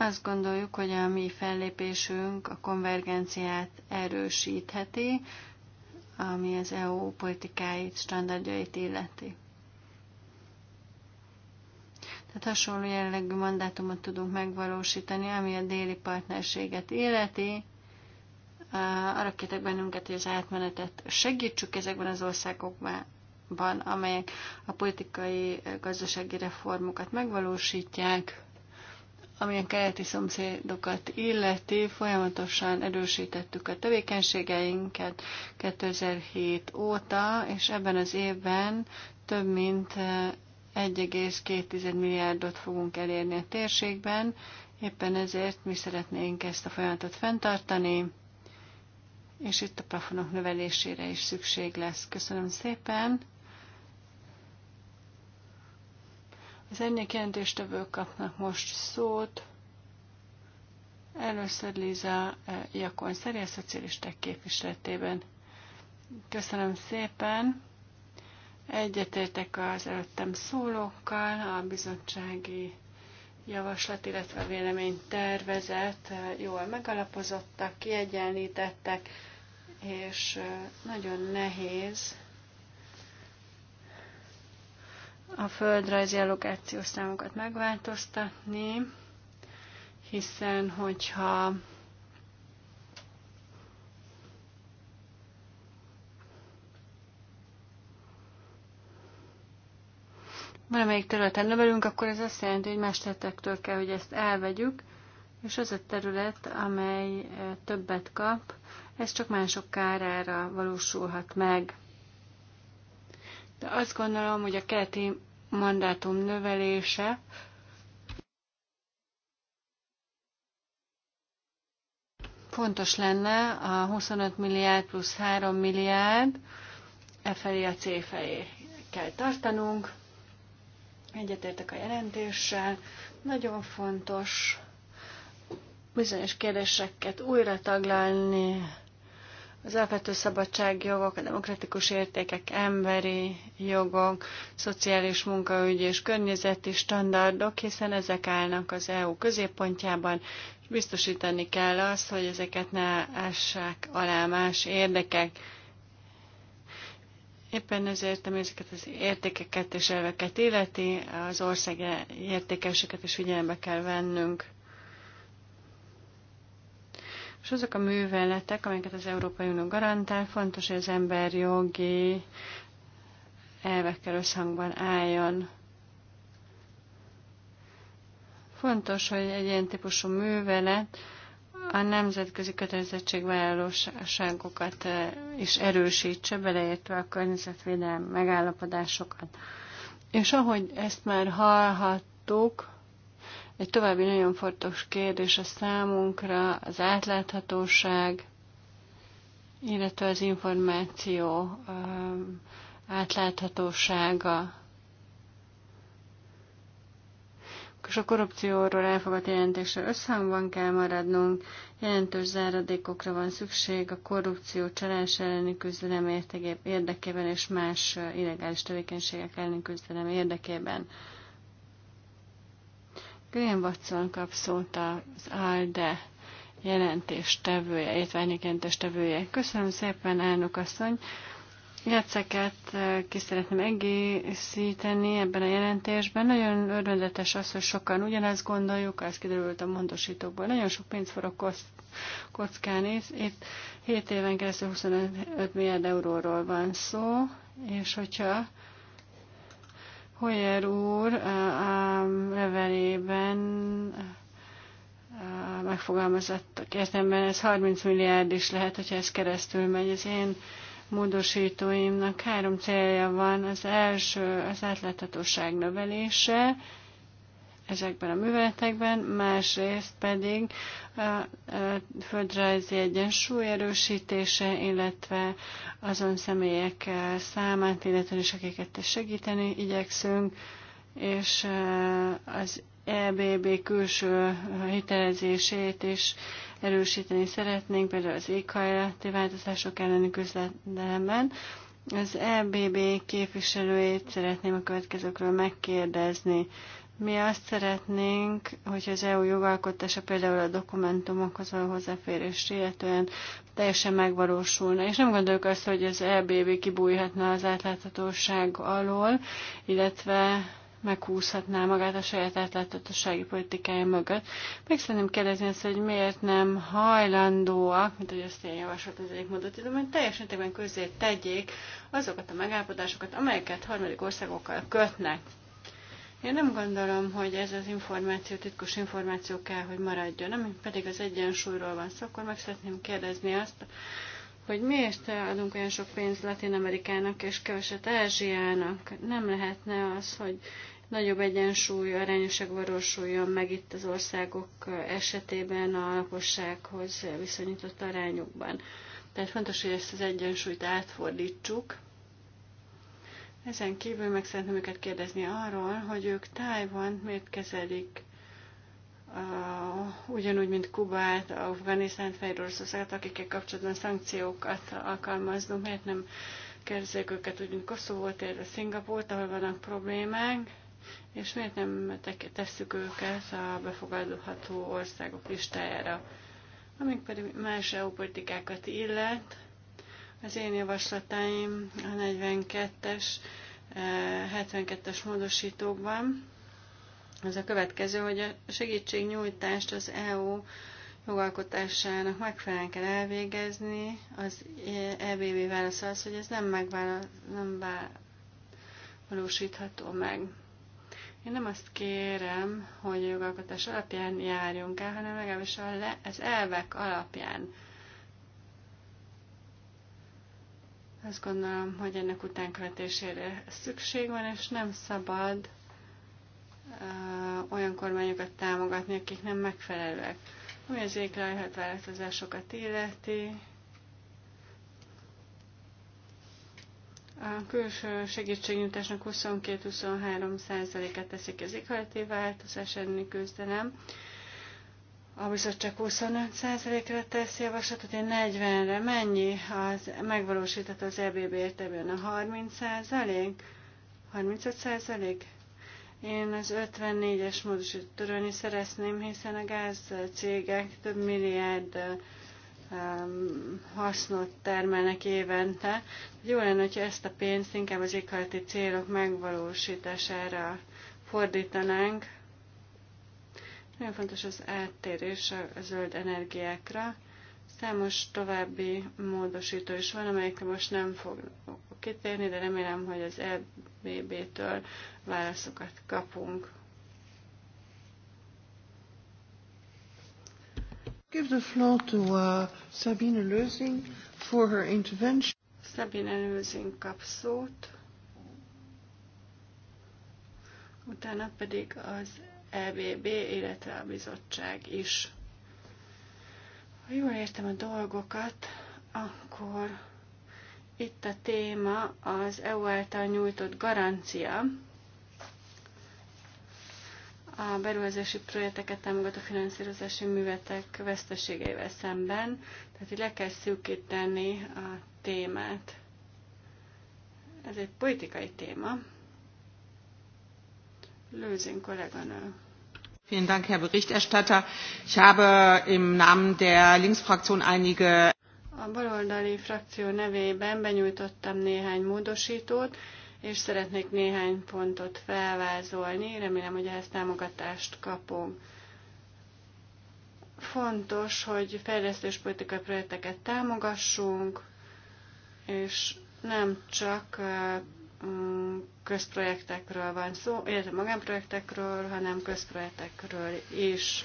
azt gondoljuk, hogy a mi fellépésünk a konvergenciát erősítheti, ami az EU politikáit, standardjait illeti. Tehát hasonló jellegű mandátumot tudunk megvalósítani, ami a déli partnerséget illeti. Arra kétek bennünket, hogy az átmenetet segítsük ezekben az országokban, amelyek a politikai, gazdasági reformokat megvalósítják a keleti szomszédokat illeti, folyamatosan erősítettük a tevékenységeinket 2007 óta, és ebben az évben több mint 1,2 eh, milliárdot fogunk elérni a térségben, éppen ezért mi szeretnénk ezt a folyamatot fenntartani, és itt a plafonok növelésére is szükség lesz. Köszönöm szépen! Az ennyi jelentéstevők kapnak most szót. Először Liza eh, Jakon Szeri, a szocialisták képviseletében. Köszönöm szépen. Egyetértek az előttem szólókkal, a bizottsági javaslat, illetve a vélemény tervezet eh, jól megalapozottak, kiegyenlítettek, és eh, nagyon nehéz a földrajzi allokációs számokat megváltoztatni, hiszen hogyha valamelyik területen növelünk, akkor ez azt jelenti, hogy más területektől kell, hogy ezt elvegyük, és az a terület, amely eh, többet kap, ez csak mások kárára valósulhat meg. De azt gondolom, hogy a keleti mandátum növelése fontos lenne a 25 milliárd plusz 3 milliárd, e felé a C felé kell tartanunk. Egyetértek a jelentéssel. Nagyon fontos bizonyos kérdéseket újra taglalni az alapvető szabadságjogok, a demokratikus értékek, emberi jogok, szociális munkaügy és környezeti standardok, hiszen ezek állnak az EU középpontjában, és biztosítani kell azt, hogy ezeket ne ássák alá más érdekek. Éppen ezért, ami ezeket az értékeket és elveket illeti, az ország értékeseket is figyelembe kell vennünk. És azok a műveletek, amelyeket az Európai Unió garantál, fontos, hogy az ember jogi elvekkel összhangban álljon. Fontos, hogy egy ilyen típusú művelet a nemzetközi kötelezettségvállalóságokat eh, is erősítse, beleértve a környezetvédelmi megállapodásokat. És ahogy ezt már hallhattuk, egy további nagyon fontos kérdés a számunkra az átláthatóság, illetve az információ um, átláthatósága. És a korrupcióról elfogadt jelentésre összhangban kell maradnunk, jelentős záradékokra van szükség a korrupció csalás elleni küzdelem érdekében és más uh, illegális tevékenységek elleni küzdelem érdekében. Graham Watson kap szót az ALDE jelentéstevője, illetve tevője. Köszönöm szépen, elnök asszony. Játszeket eh, ki szeretném egészíteni ebben a jelentésben. Nagyon örvendetes az, hogy sokan ugyanezt gondoljuk, ez kiderült a mondosítókból. Nagyon sok pénz forog kockán, itt 7 éven keresztül 25 milliárd euróról van szó, és hogyha Hoyer úr eh, eh, a levelében a értelemben ez 30 milliárd is lehet, hogyha ez keresztül megy. Az én módosítóimnak három célja van. Az első az átláthatóság növelése, ezekben a műveletekben, másrészt pedig a, földrajzi egyensúly erősítése, illetve azon személyek számát, illetve is akiket segíteni igyekszünk, és e, az EBB külső hitelezését is erősíteni szeretnénk, például az éghajlati változások elleni küzdelemben. Az EBB képviselőjét szeretném a következőkről megkérdezni. Mi azt szeretnénk, hogy az EU jogalkotása például a dokumentumokhoz való hozzáférés illetően teljesen megvalósulna. És nem gondoljuk azt, hogy az EBB kibújhatna az átláthatóság alól, illetve meghúzhatná magát a saját átláthatósági politikája mögött. Meg szeretném kérdezni azt, hogy miért nem hajlandóak, mint hogy azt én javaslat az egyik mondatom, hogy teljes mértékben közé tegyék azokat a megállapodásokat, amelyeket harmadik országokkal kötnek. Én nem gondolom, hogy ez az információ titkos információ kell, hogy maradjon. Ami pedig az egyensúlyról van szó, akkor meg szeretném kérdezni azt, hogy miért adunk olyan sok pénzt Latin Amerikának és keveset Ázsiának. Nem lehetne az, hogy nagyobb egyensúly, arányosság valósuljon meg itt az országok esetében a lakossághoz viszonyított arányokban. Tehát fontos, hogy ezt az egyensúlyt átfordítsuk, ezen kívül meg szeretném őket kérdezni arról, hogy ők Tájvant miért kezelik uh, ugyanúgy, mint Kubát, Afganisztánt, Fehér akikkel kapcsolatban szankciókat alkalmaznunk, miért nem kérdezik őket úgy, mint Koszovót, illetve Szingapurt, ahol vannak problémák, és miért nem tesszük őket a befogadható országok listájára. amik pedig más EU politikákat illet, az én javaslataim a 42-es, 72-es eh, módosítókban az a következő, hogy a segítségnyújtást az EU jogalkotásának megfelelően kell elvégezni. Az EBB válasz az, hogy ez nem, megvál, nem valósítható meg. Én nem azt kérem, hogy a jogalkotás alapján járjunk el, hanem legalábbis az elvek alapján Azt gondolom, hogy ennek utánkövetésére szükség van, és nem szabad olyan kormányokat támogatni, akik nem megfelelőek. Ami az éghajlat változásokat illeti, A külső segítségnyújtásnak 22-23%-et teszik az éghajlati változás elleni küzdelem, a bizottság 25%-ra tesz javaslatot, én 40-re. Mennyi az megvalósítható az EBB értelmében? A 30%? 35%? Én az 54-es módosítót törölni szeretném, hiszen a gázcégek több milliárd um, hasznot termelnek évente. Jó lenne, hogyha ezt a pénzt inkább az éghajlati célok megvalósítására fordítanánk, nagyon fontos az áttérés a zöld energiákra. Számos további módosító is van, amelyekre most nem fogok kitérni, de remélem, hogy az EBB-től válaszokat kapunk. Give the floor to uh, Sabine Lösing for her intervention. Sabine Lösing kap szót, utána pedig az EBB, illetve a bizottság is. Ha jól értem a dolgokat, akkor itt a téma az EU által nyújtott garancia, a beruházási projekteket támogató finanszírozási művetek veszteségeivel szemben, tehát így le kell szűkíteni a témát. Ez egy politikai téma. Lösing, kolléganő. Vielen Dank, Herr Berichterstatter. Ich habe im Namen der Linksfraktion einige a baloldali frakció nevében benyújtottam néhány módosítót, és szeretnék néhány pontot felvázolni. Remélem, hogy ehhez támogatást kapunk. Fontos, hogy fejlesztéspolitikai projekteket támogassunk, és nem csak közprojektekről van szó, illetve magánprojektekről, hanem közprojektekről is.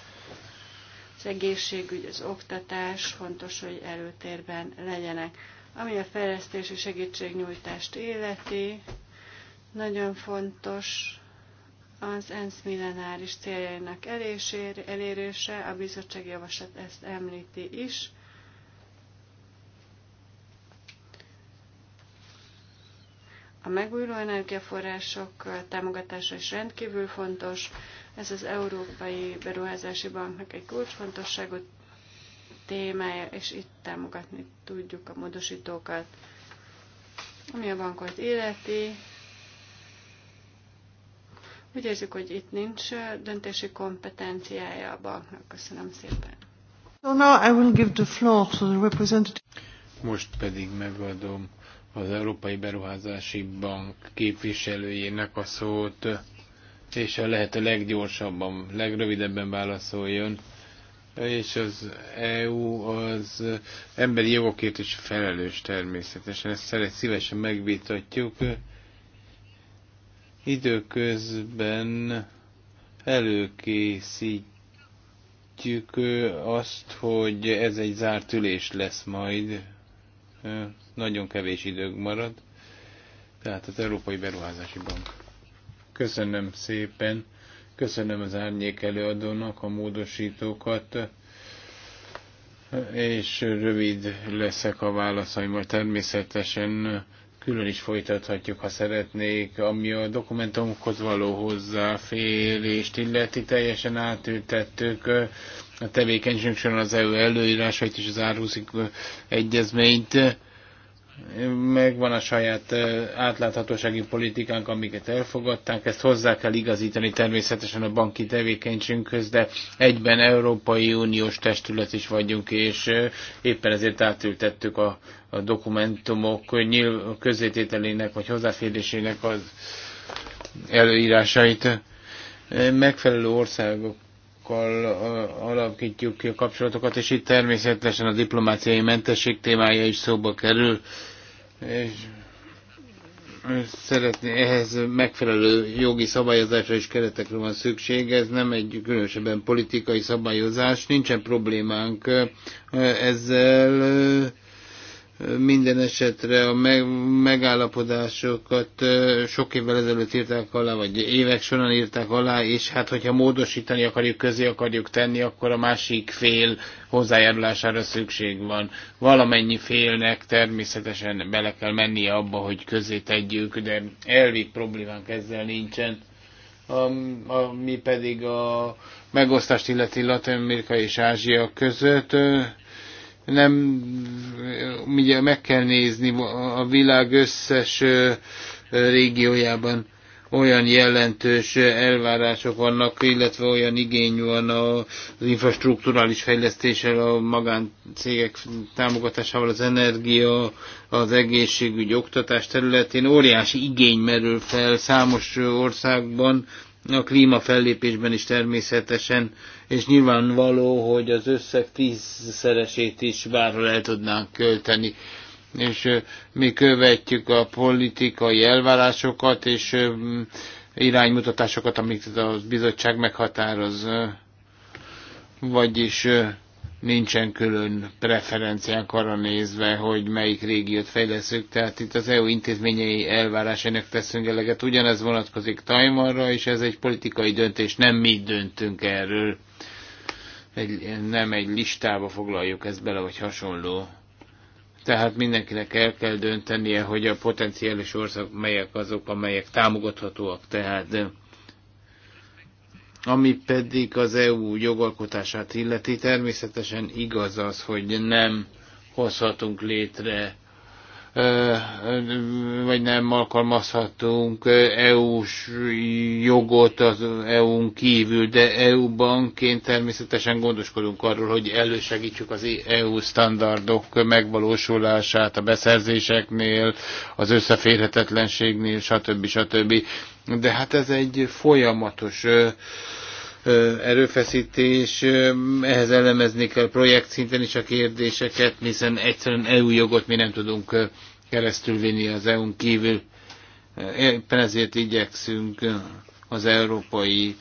Az egészségügy, az oktatás fontos, hogy előtérben legyenek. Ami a fejlesztési segítségnyújtást illeti, nagyon fontos az ENSZ millenáris céljainak elérése, a bizottság javaslat ezt említi is. A megújuló energiaforrások támogatása is rendkívül fontos. Ez az Európai Beruházási Banknak egy kulcsfontosságú témája, és itt támogatni tudjuk a módosítókat. Ami a bankot illeti, úgy érzük, hogy itt nincs döntési kompetenciája a banknak. Köszönöm szépen. So now I will give the floor to the representative. Most pedig megadom az Európai Beruházási Bank képviselőjének a szót, és a lehető leggyorsabban, legrövidebben válaszoljon. És az EU az emberi jogokért is felelős természetesen, ezt szeret, szívesen megvitatjuk. Időközben előkészítjük azt, hogy ez egy zárt ülés lesz majd nagyon kevés idők marad. Tehát az Európai Beruházási Bank. Köszönöm szépen. Köszönöm az árnyék előadónak a módosítókat, és rövid leszek a válaszaimmal természetesen külön is folytathatjuk, ha szeretnék, ami a dokumentumokhoz való hozzáférést illeti, teljesen átültettük a tevékenységünk során az EU előírásait és az árhúzik egyezményt megvan a saját átláthatósági politikánk, amiket elfogadtánk, ezt hozzá kell igazítani természetesen a banki tevékenységünkhöz, de egyben Európai Uniós testület is vagyunk, és éppen ezért átültettük a, a dokumentumok nyilv, közétételének vagy hozzáférésének az előírásait. Megfelelő országok országokkal alakítjuk ki a kapcsolatokat, és itt természetesen a diplomáciai mentesség témája is szóba kerül, és szeretné, ehhez megfelelő jogi szabályozásra és keretekre van szükség, ez nem egy különösebben politikai szabályozás, nincsen problémánk ezzel, minden esetre a megállapodásokat sok évvel ezelőtt írták alá, vagy évek során írták alá, és hát hogyha módosítani akarjuk, közé akarjuk tenni, akkor a másik fél hozzájárulására szükség van. Valamennyi félnek természetesen bele kell mennie abba, hogy közé tegyük, de elvég problémánk ezzel nincsen mi pedig a megosztást illeti Latin-Amerika és Ázsia között nem ugye meg kell nézni a világ összes régiójában olyan jelentős elvárások vannak, illetve olyan igény van az infrastruktúrális fejlesztéssel, a magáncégek támogatásával, az energia, az egészségügy, oktatás területén óriási igény merül fel számos országban, a klímafellépésben is természetesen, és nyilvánvaló, hogy az összeg tízszeresét is bárra el tudnánk költeni. És mi követjük a politikai elvárásokat és iránymutatásokat, amiket a bizottság meghatároz. Vagyis nincsen külön preferenciánk arra nézve, hogy melyik régiót fejleszünk, tehát itt az EU intézményei elvárásainak teszünk eleget. Ugyanez vonatkozik Tajmanra, és ez egy politikai döntés, nem mi döntünk erről. Egy, nem egy listába foglaljuk ezt bele, vagy hasonló. Tehát mindenkinek el kell döntenie, hogy a potenciális ország melyek azok, amelyek támogathatóak. Tehát ami pedig az EU jogalkotását illeti, természetesen igaz az, hogy nem hozhatunk létre vagy nem alkalmazhatunk EU-s jogot az EU-n kívül, de EU-banként természetesen gondoskodunk arról, hogy elősegítsük az EU standardok megvalósulását a beszerzéseknél, az összeférhetetlenségnél, stb. stb. De hát ez egy folyamatos erőfeszítés. Ehhez elemezni kell projekt szinten is a kérdéseket, hiszen egyszerűen EU jogot mi nem tudunk vinni az EU-n kívül. Éppen ezért igyekszünk az Európai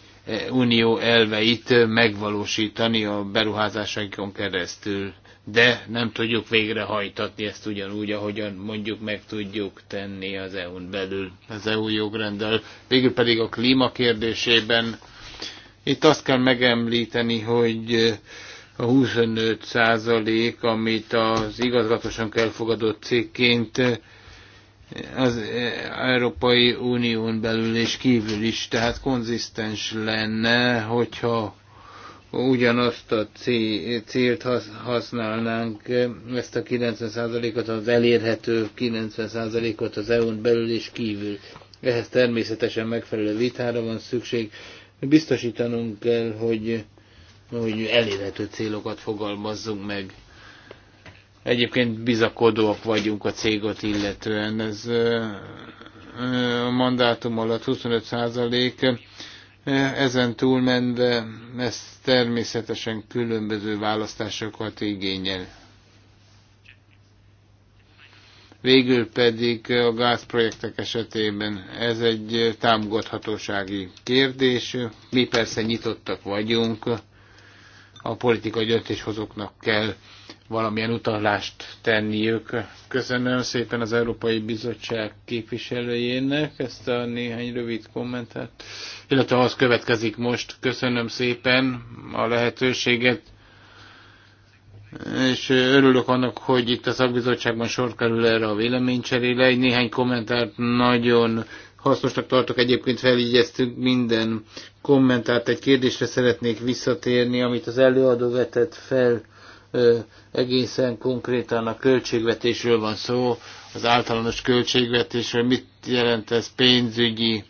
Unió elveit megvalósítani a beruházásainkon keresztül, de nem tudjuk végrehajtatni ezt ugyanúgy, ahogyan mondjuk meg tudjuk tenni az EU-n belül, az EU jogrendel. Végül pedig a klíma kérdésében itt azt kell megemlíteni, hogy eh, a 25 százalék, amit az igazgatosan elfogadott cégként eh, az eh, Európai Unión belül és kívül is, tehát konzisztens lenne, hogyha ugyanazt a célt használnánk, ezt a 90%-ot, az elérhető 90%-ot az EU-n belül és kívül. Ehhez természetesen megfelelő vitára van szükség, Biztosítanunk kell, hogy, hogy elérhető célokat fogalmazzunk meg. Egyébként bizakodóak vagyunk a cégot illetően. Ez a mandátum alatt 25 százalék. Ezen túlmenve ez természetesen különböző választásokat igényel. Végül pedig a gázprojektek esetében ez egy támogathatósági kérdés. Mi persze nyitottak vagyunk, a politikai döntéshozóknak kell valamilyen utalást tenniük. Köszönöm szépen az Európai Bizottság képviselőjének ezt a néhány rövid kommentet, illetve az következik most. Köszönöm szépen a lehetőséget és örülök annak, hogy itt a szakbizottságban sor kerül erre a véleménycserére. Egy néhány kommentárt nagyon hasznosnak tartok, egyébként felígyeztünk minden kommentárt. Egy kérdésre szeretnék visszatérni, amit az előadó vetett fel egészen konkrétan a költségvetésről van szó, az általános költségvetésről, mit jelent ez pénzügyi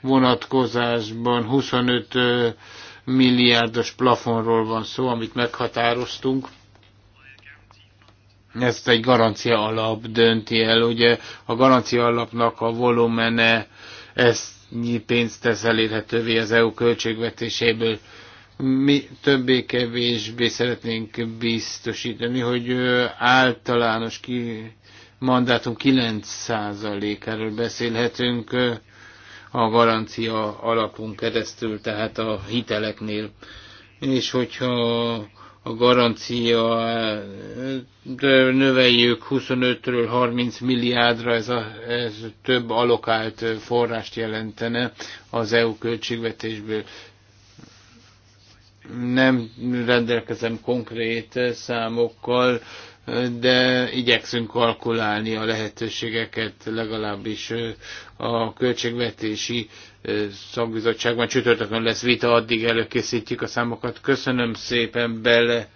vonatkozásban, 25 milliárdos plafonról van szó, amit meghatároztunk ezt egy garancia alap dönti el. Ugye a garancia alapnak a volumene ezt pénzt tesz elérhetővé az EU költségvetéséből. Mi többé-kevésbé szeretnénk biztosítani, hogy általános ki, mandátum 9%-áról beszélhetünk a garancia alapunk keresztül, tehát a hiteleknél. És hogyha a garancia, de növeljük 25-ről 30 milliárdra, ez, a, ez több alokált forrást jelentene az EU költségvetésből. Nem rendelkezem konkrét számokkal, de igyekszünk kalkulálni a lehetőségeket, legalábbis a költségvetési szakbizottságban csütörtökön lesz vita, addig előkészítjük a számokat. Köszönöm szépen bele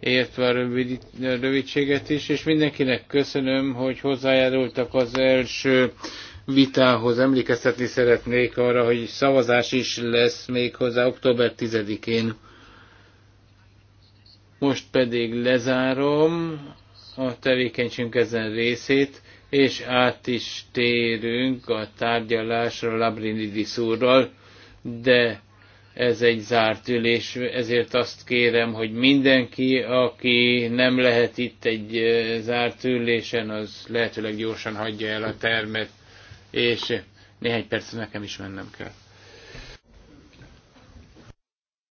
értve a rövid, rövidséget is, és mindenkinek köszönöm, hogy hozzájárultak az első vitához. Emlékeztetni szeretnék arra, hogy szavazás is lesz még hozzá október 10-én. Most pedig lezárom a tevékenységünk ezen részét és át is térünk a tárgyalásra Labrinidis úrral, de ez egy zárt ülés, ezért azt kérem, hogy mindenki, aki nem lehet itt egy zárt ülésen, az lehetőleg gyorsan hagyja el a termet, és néhány perc nekem is mennem kell.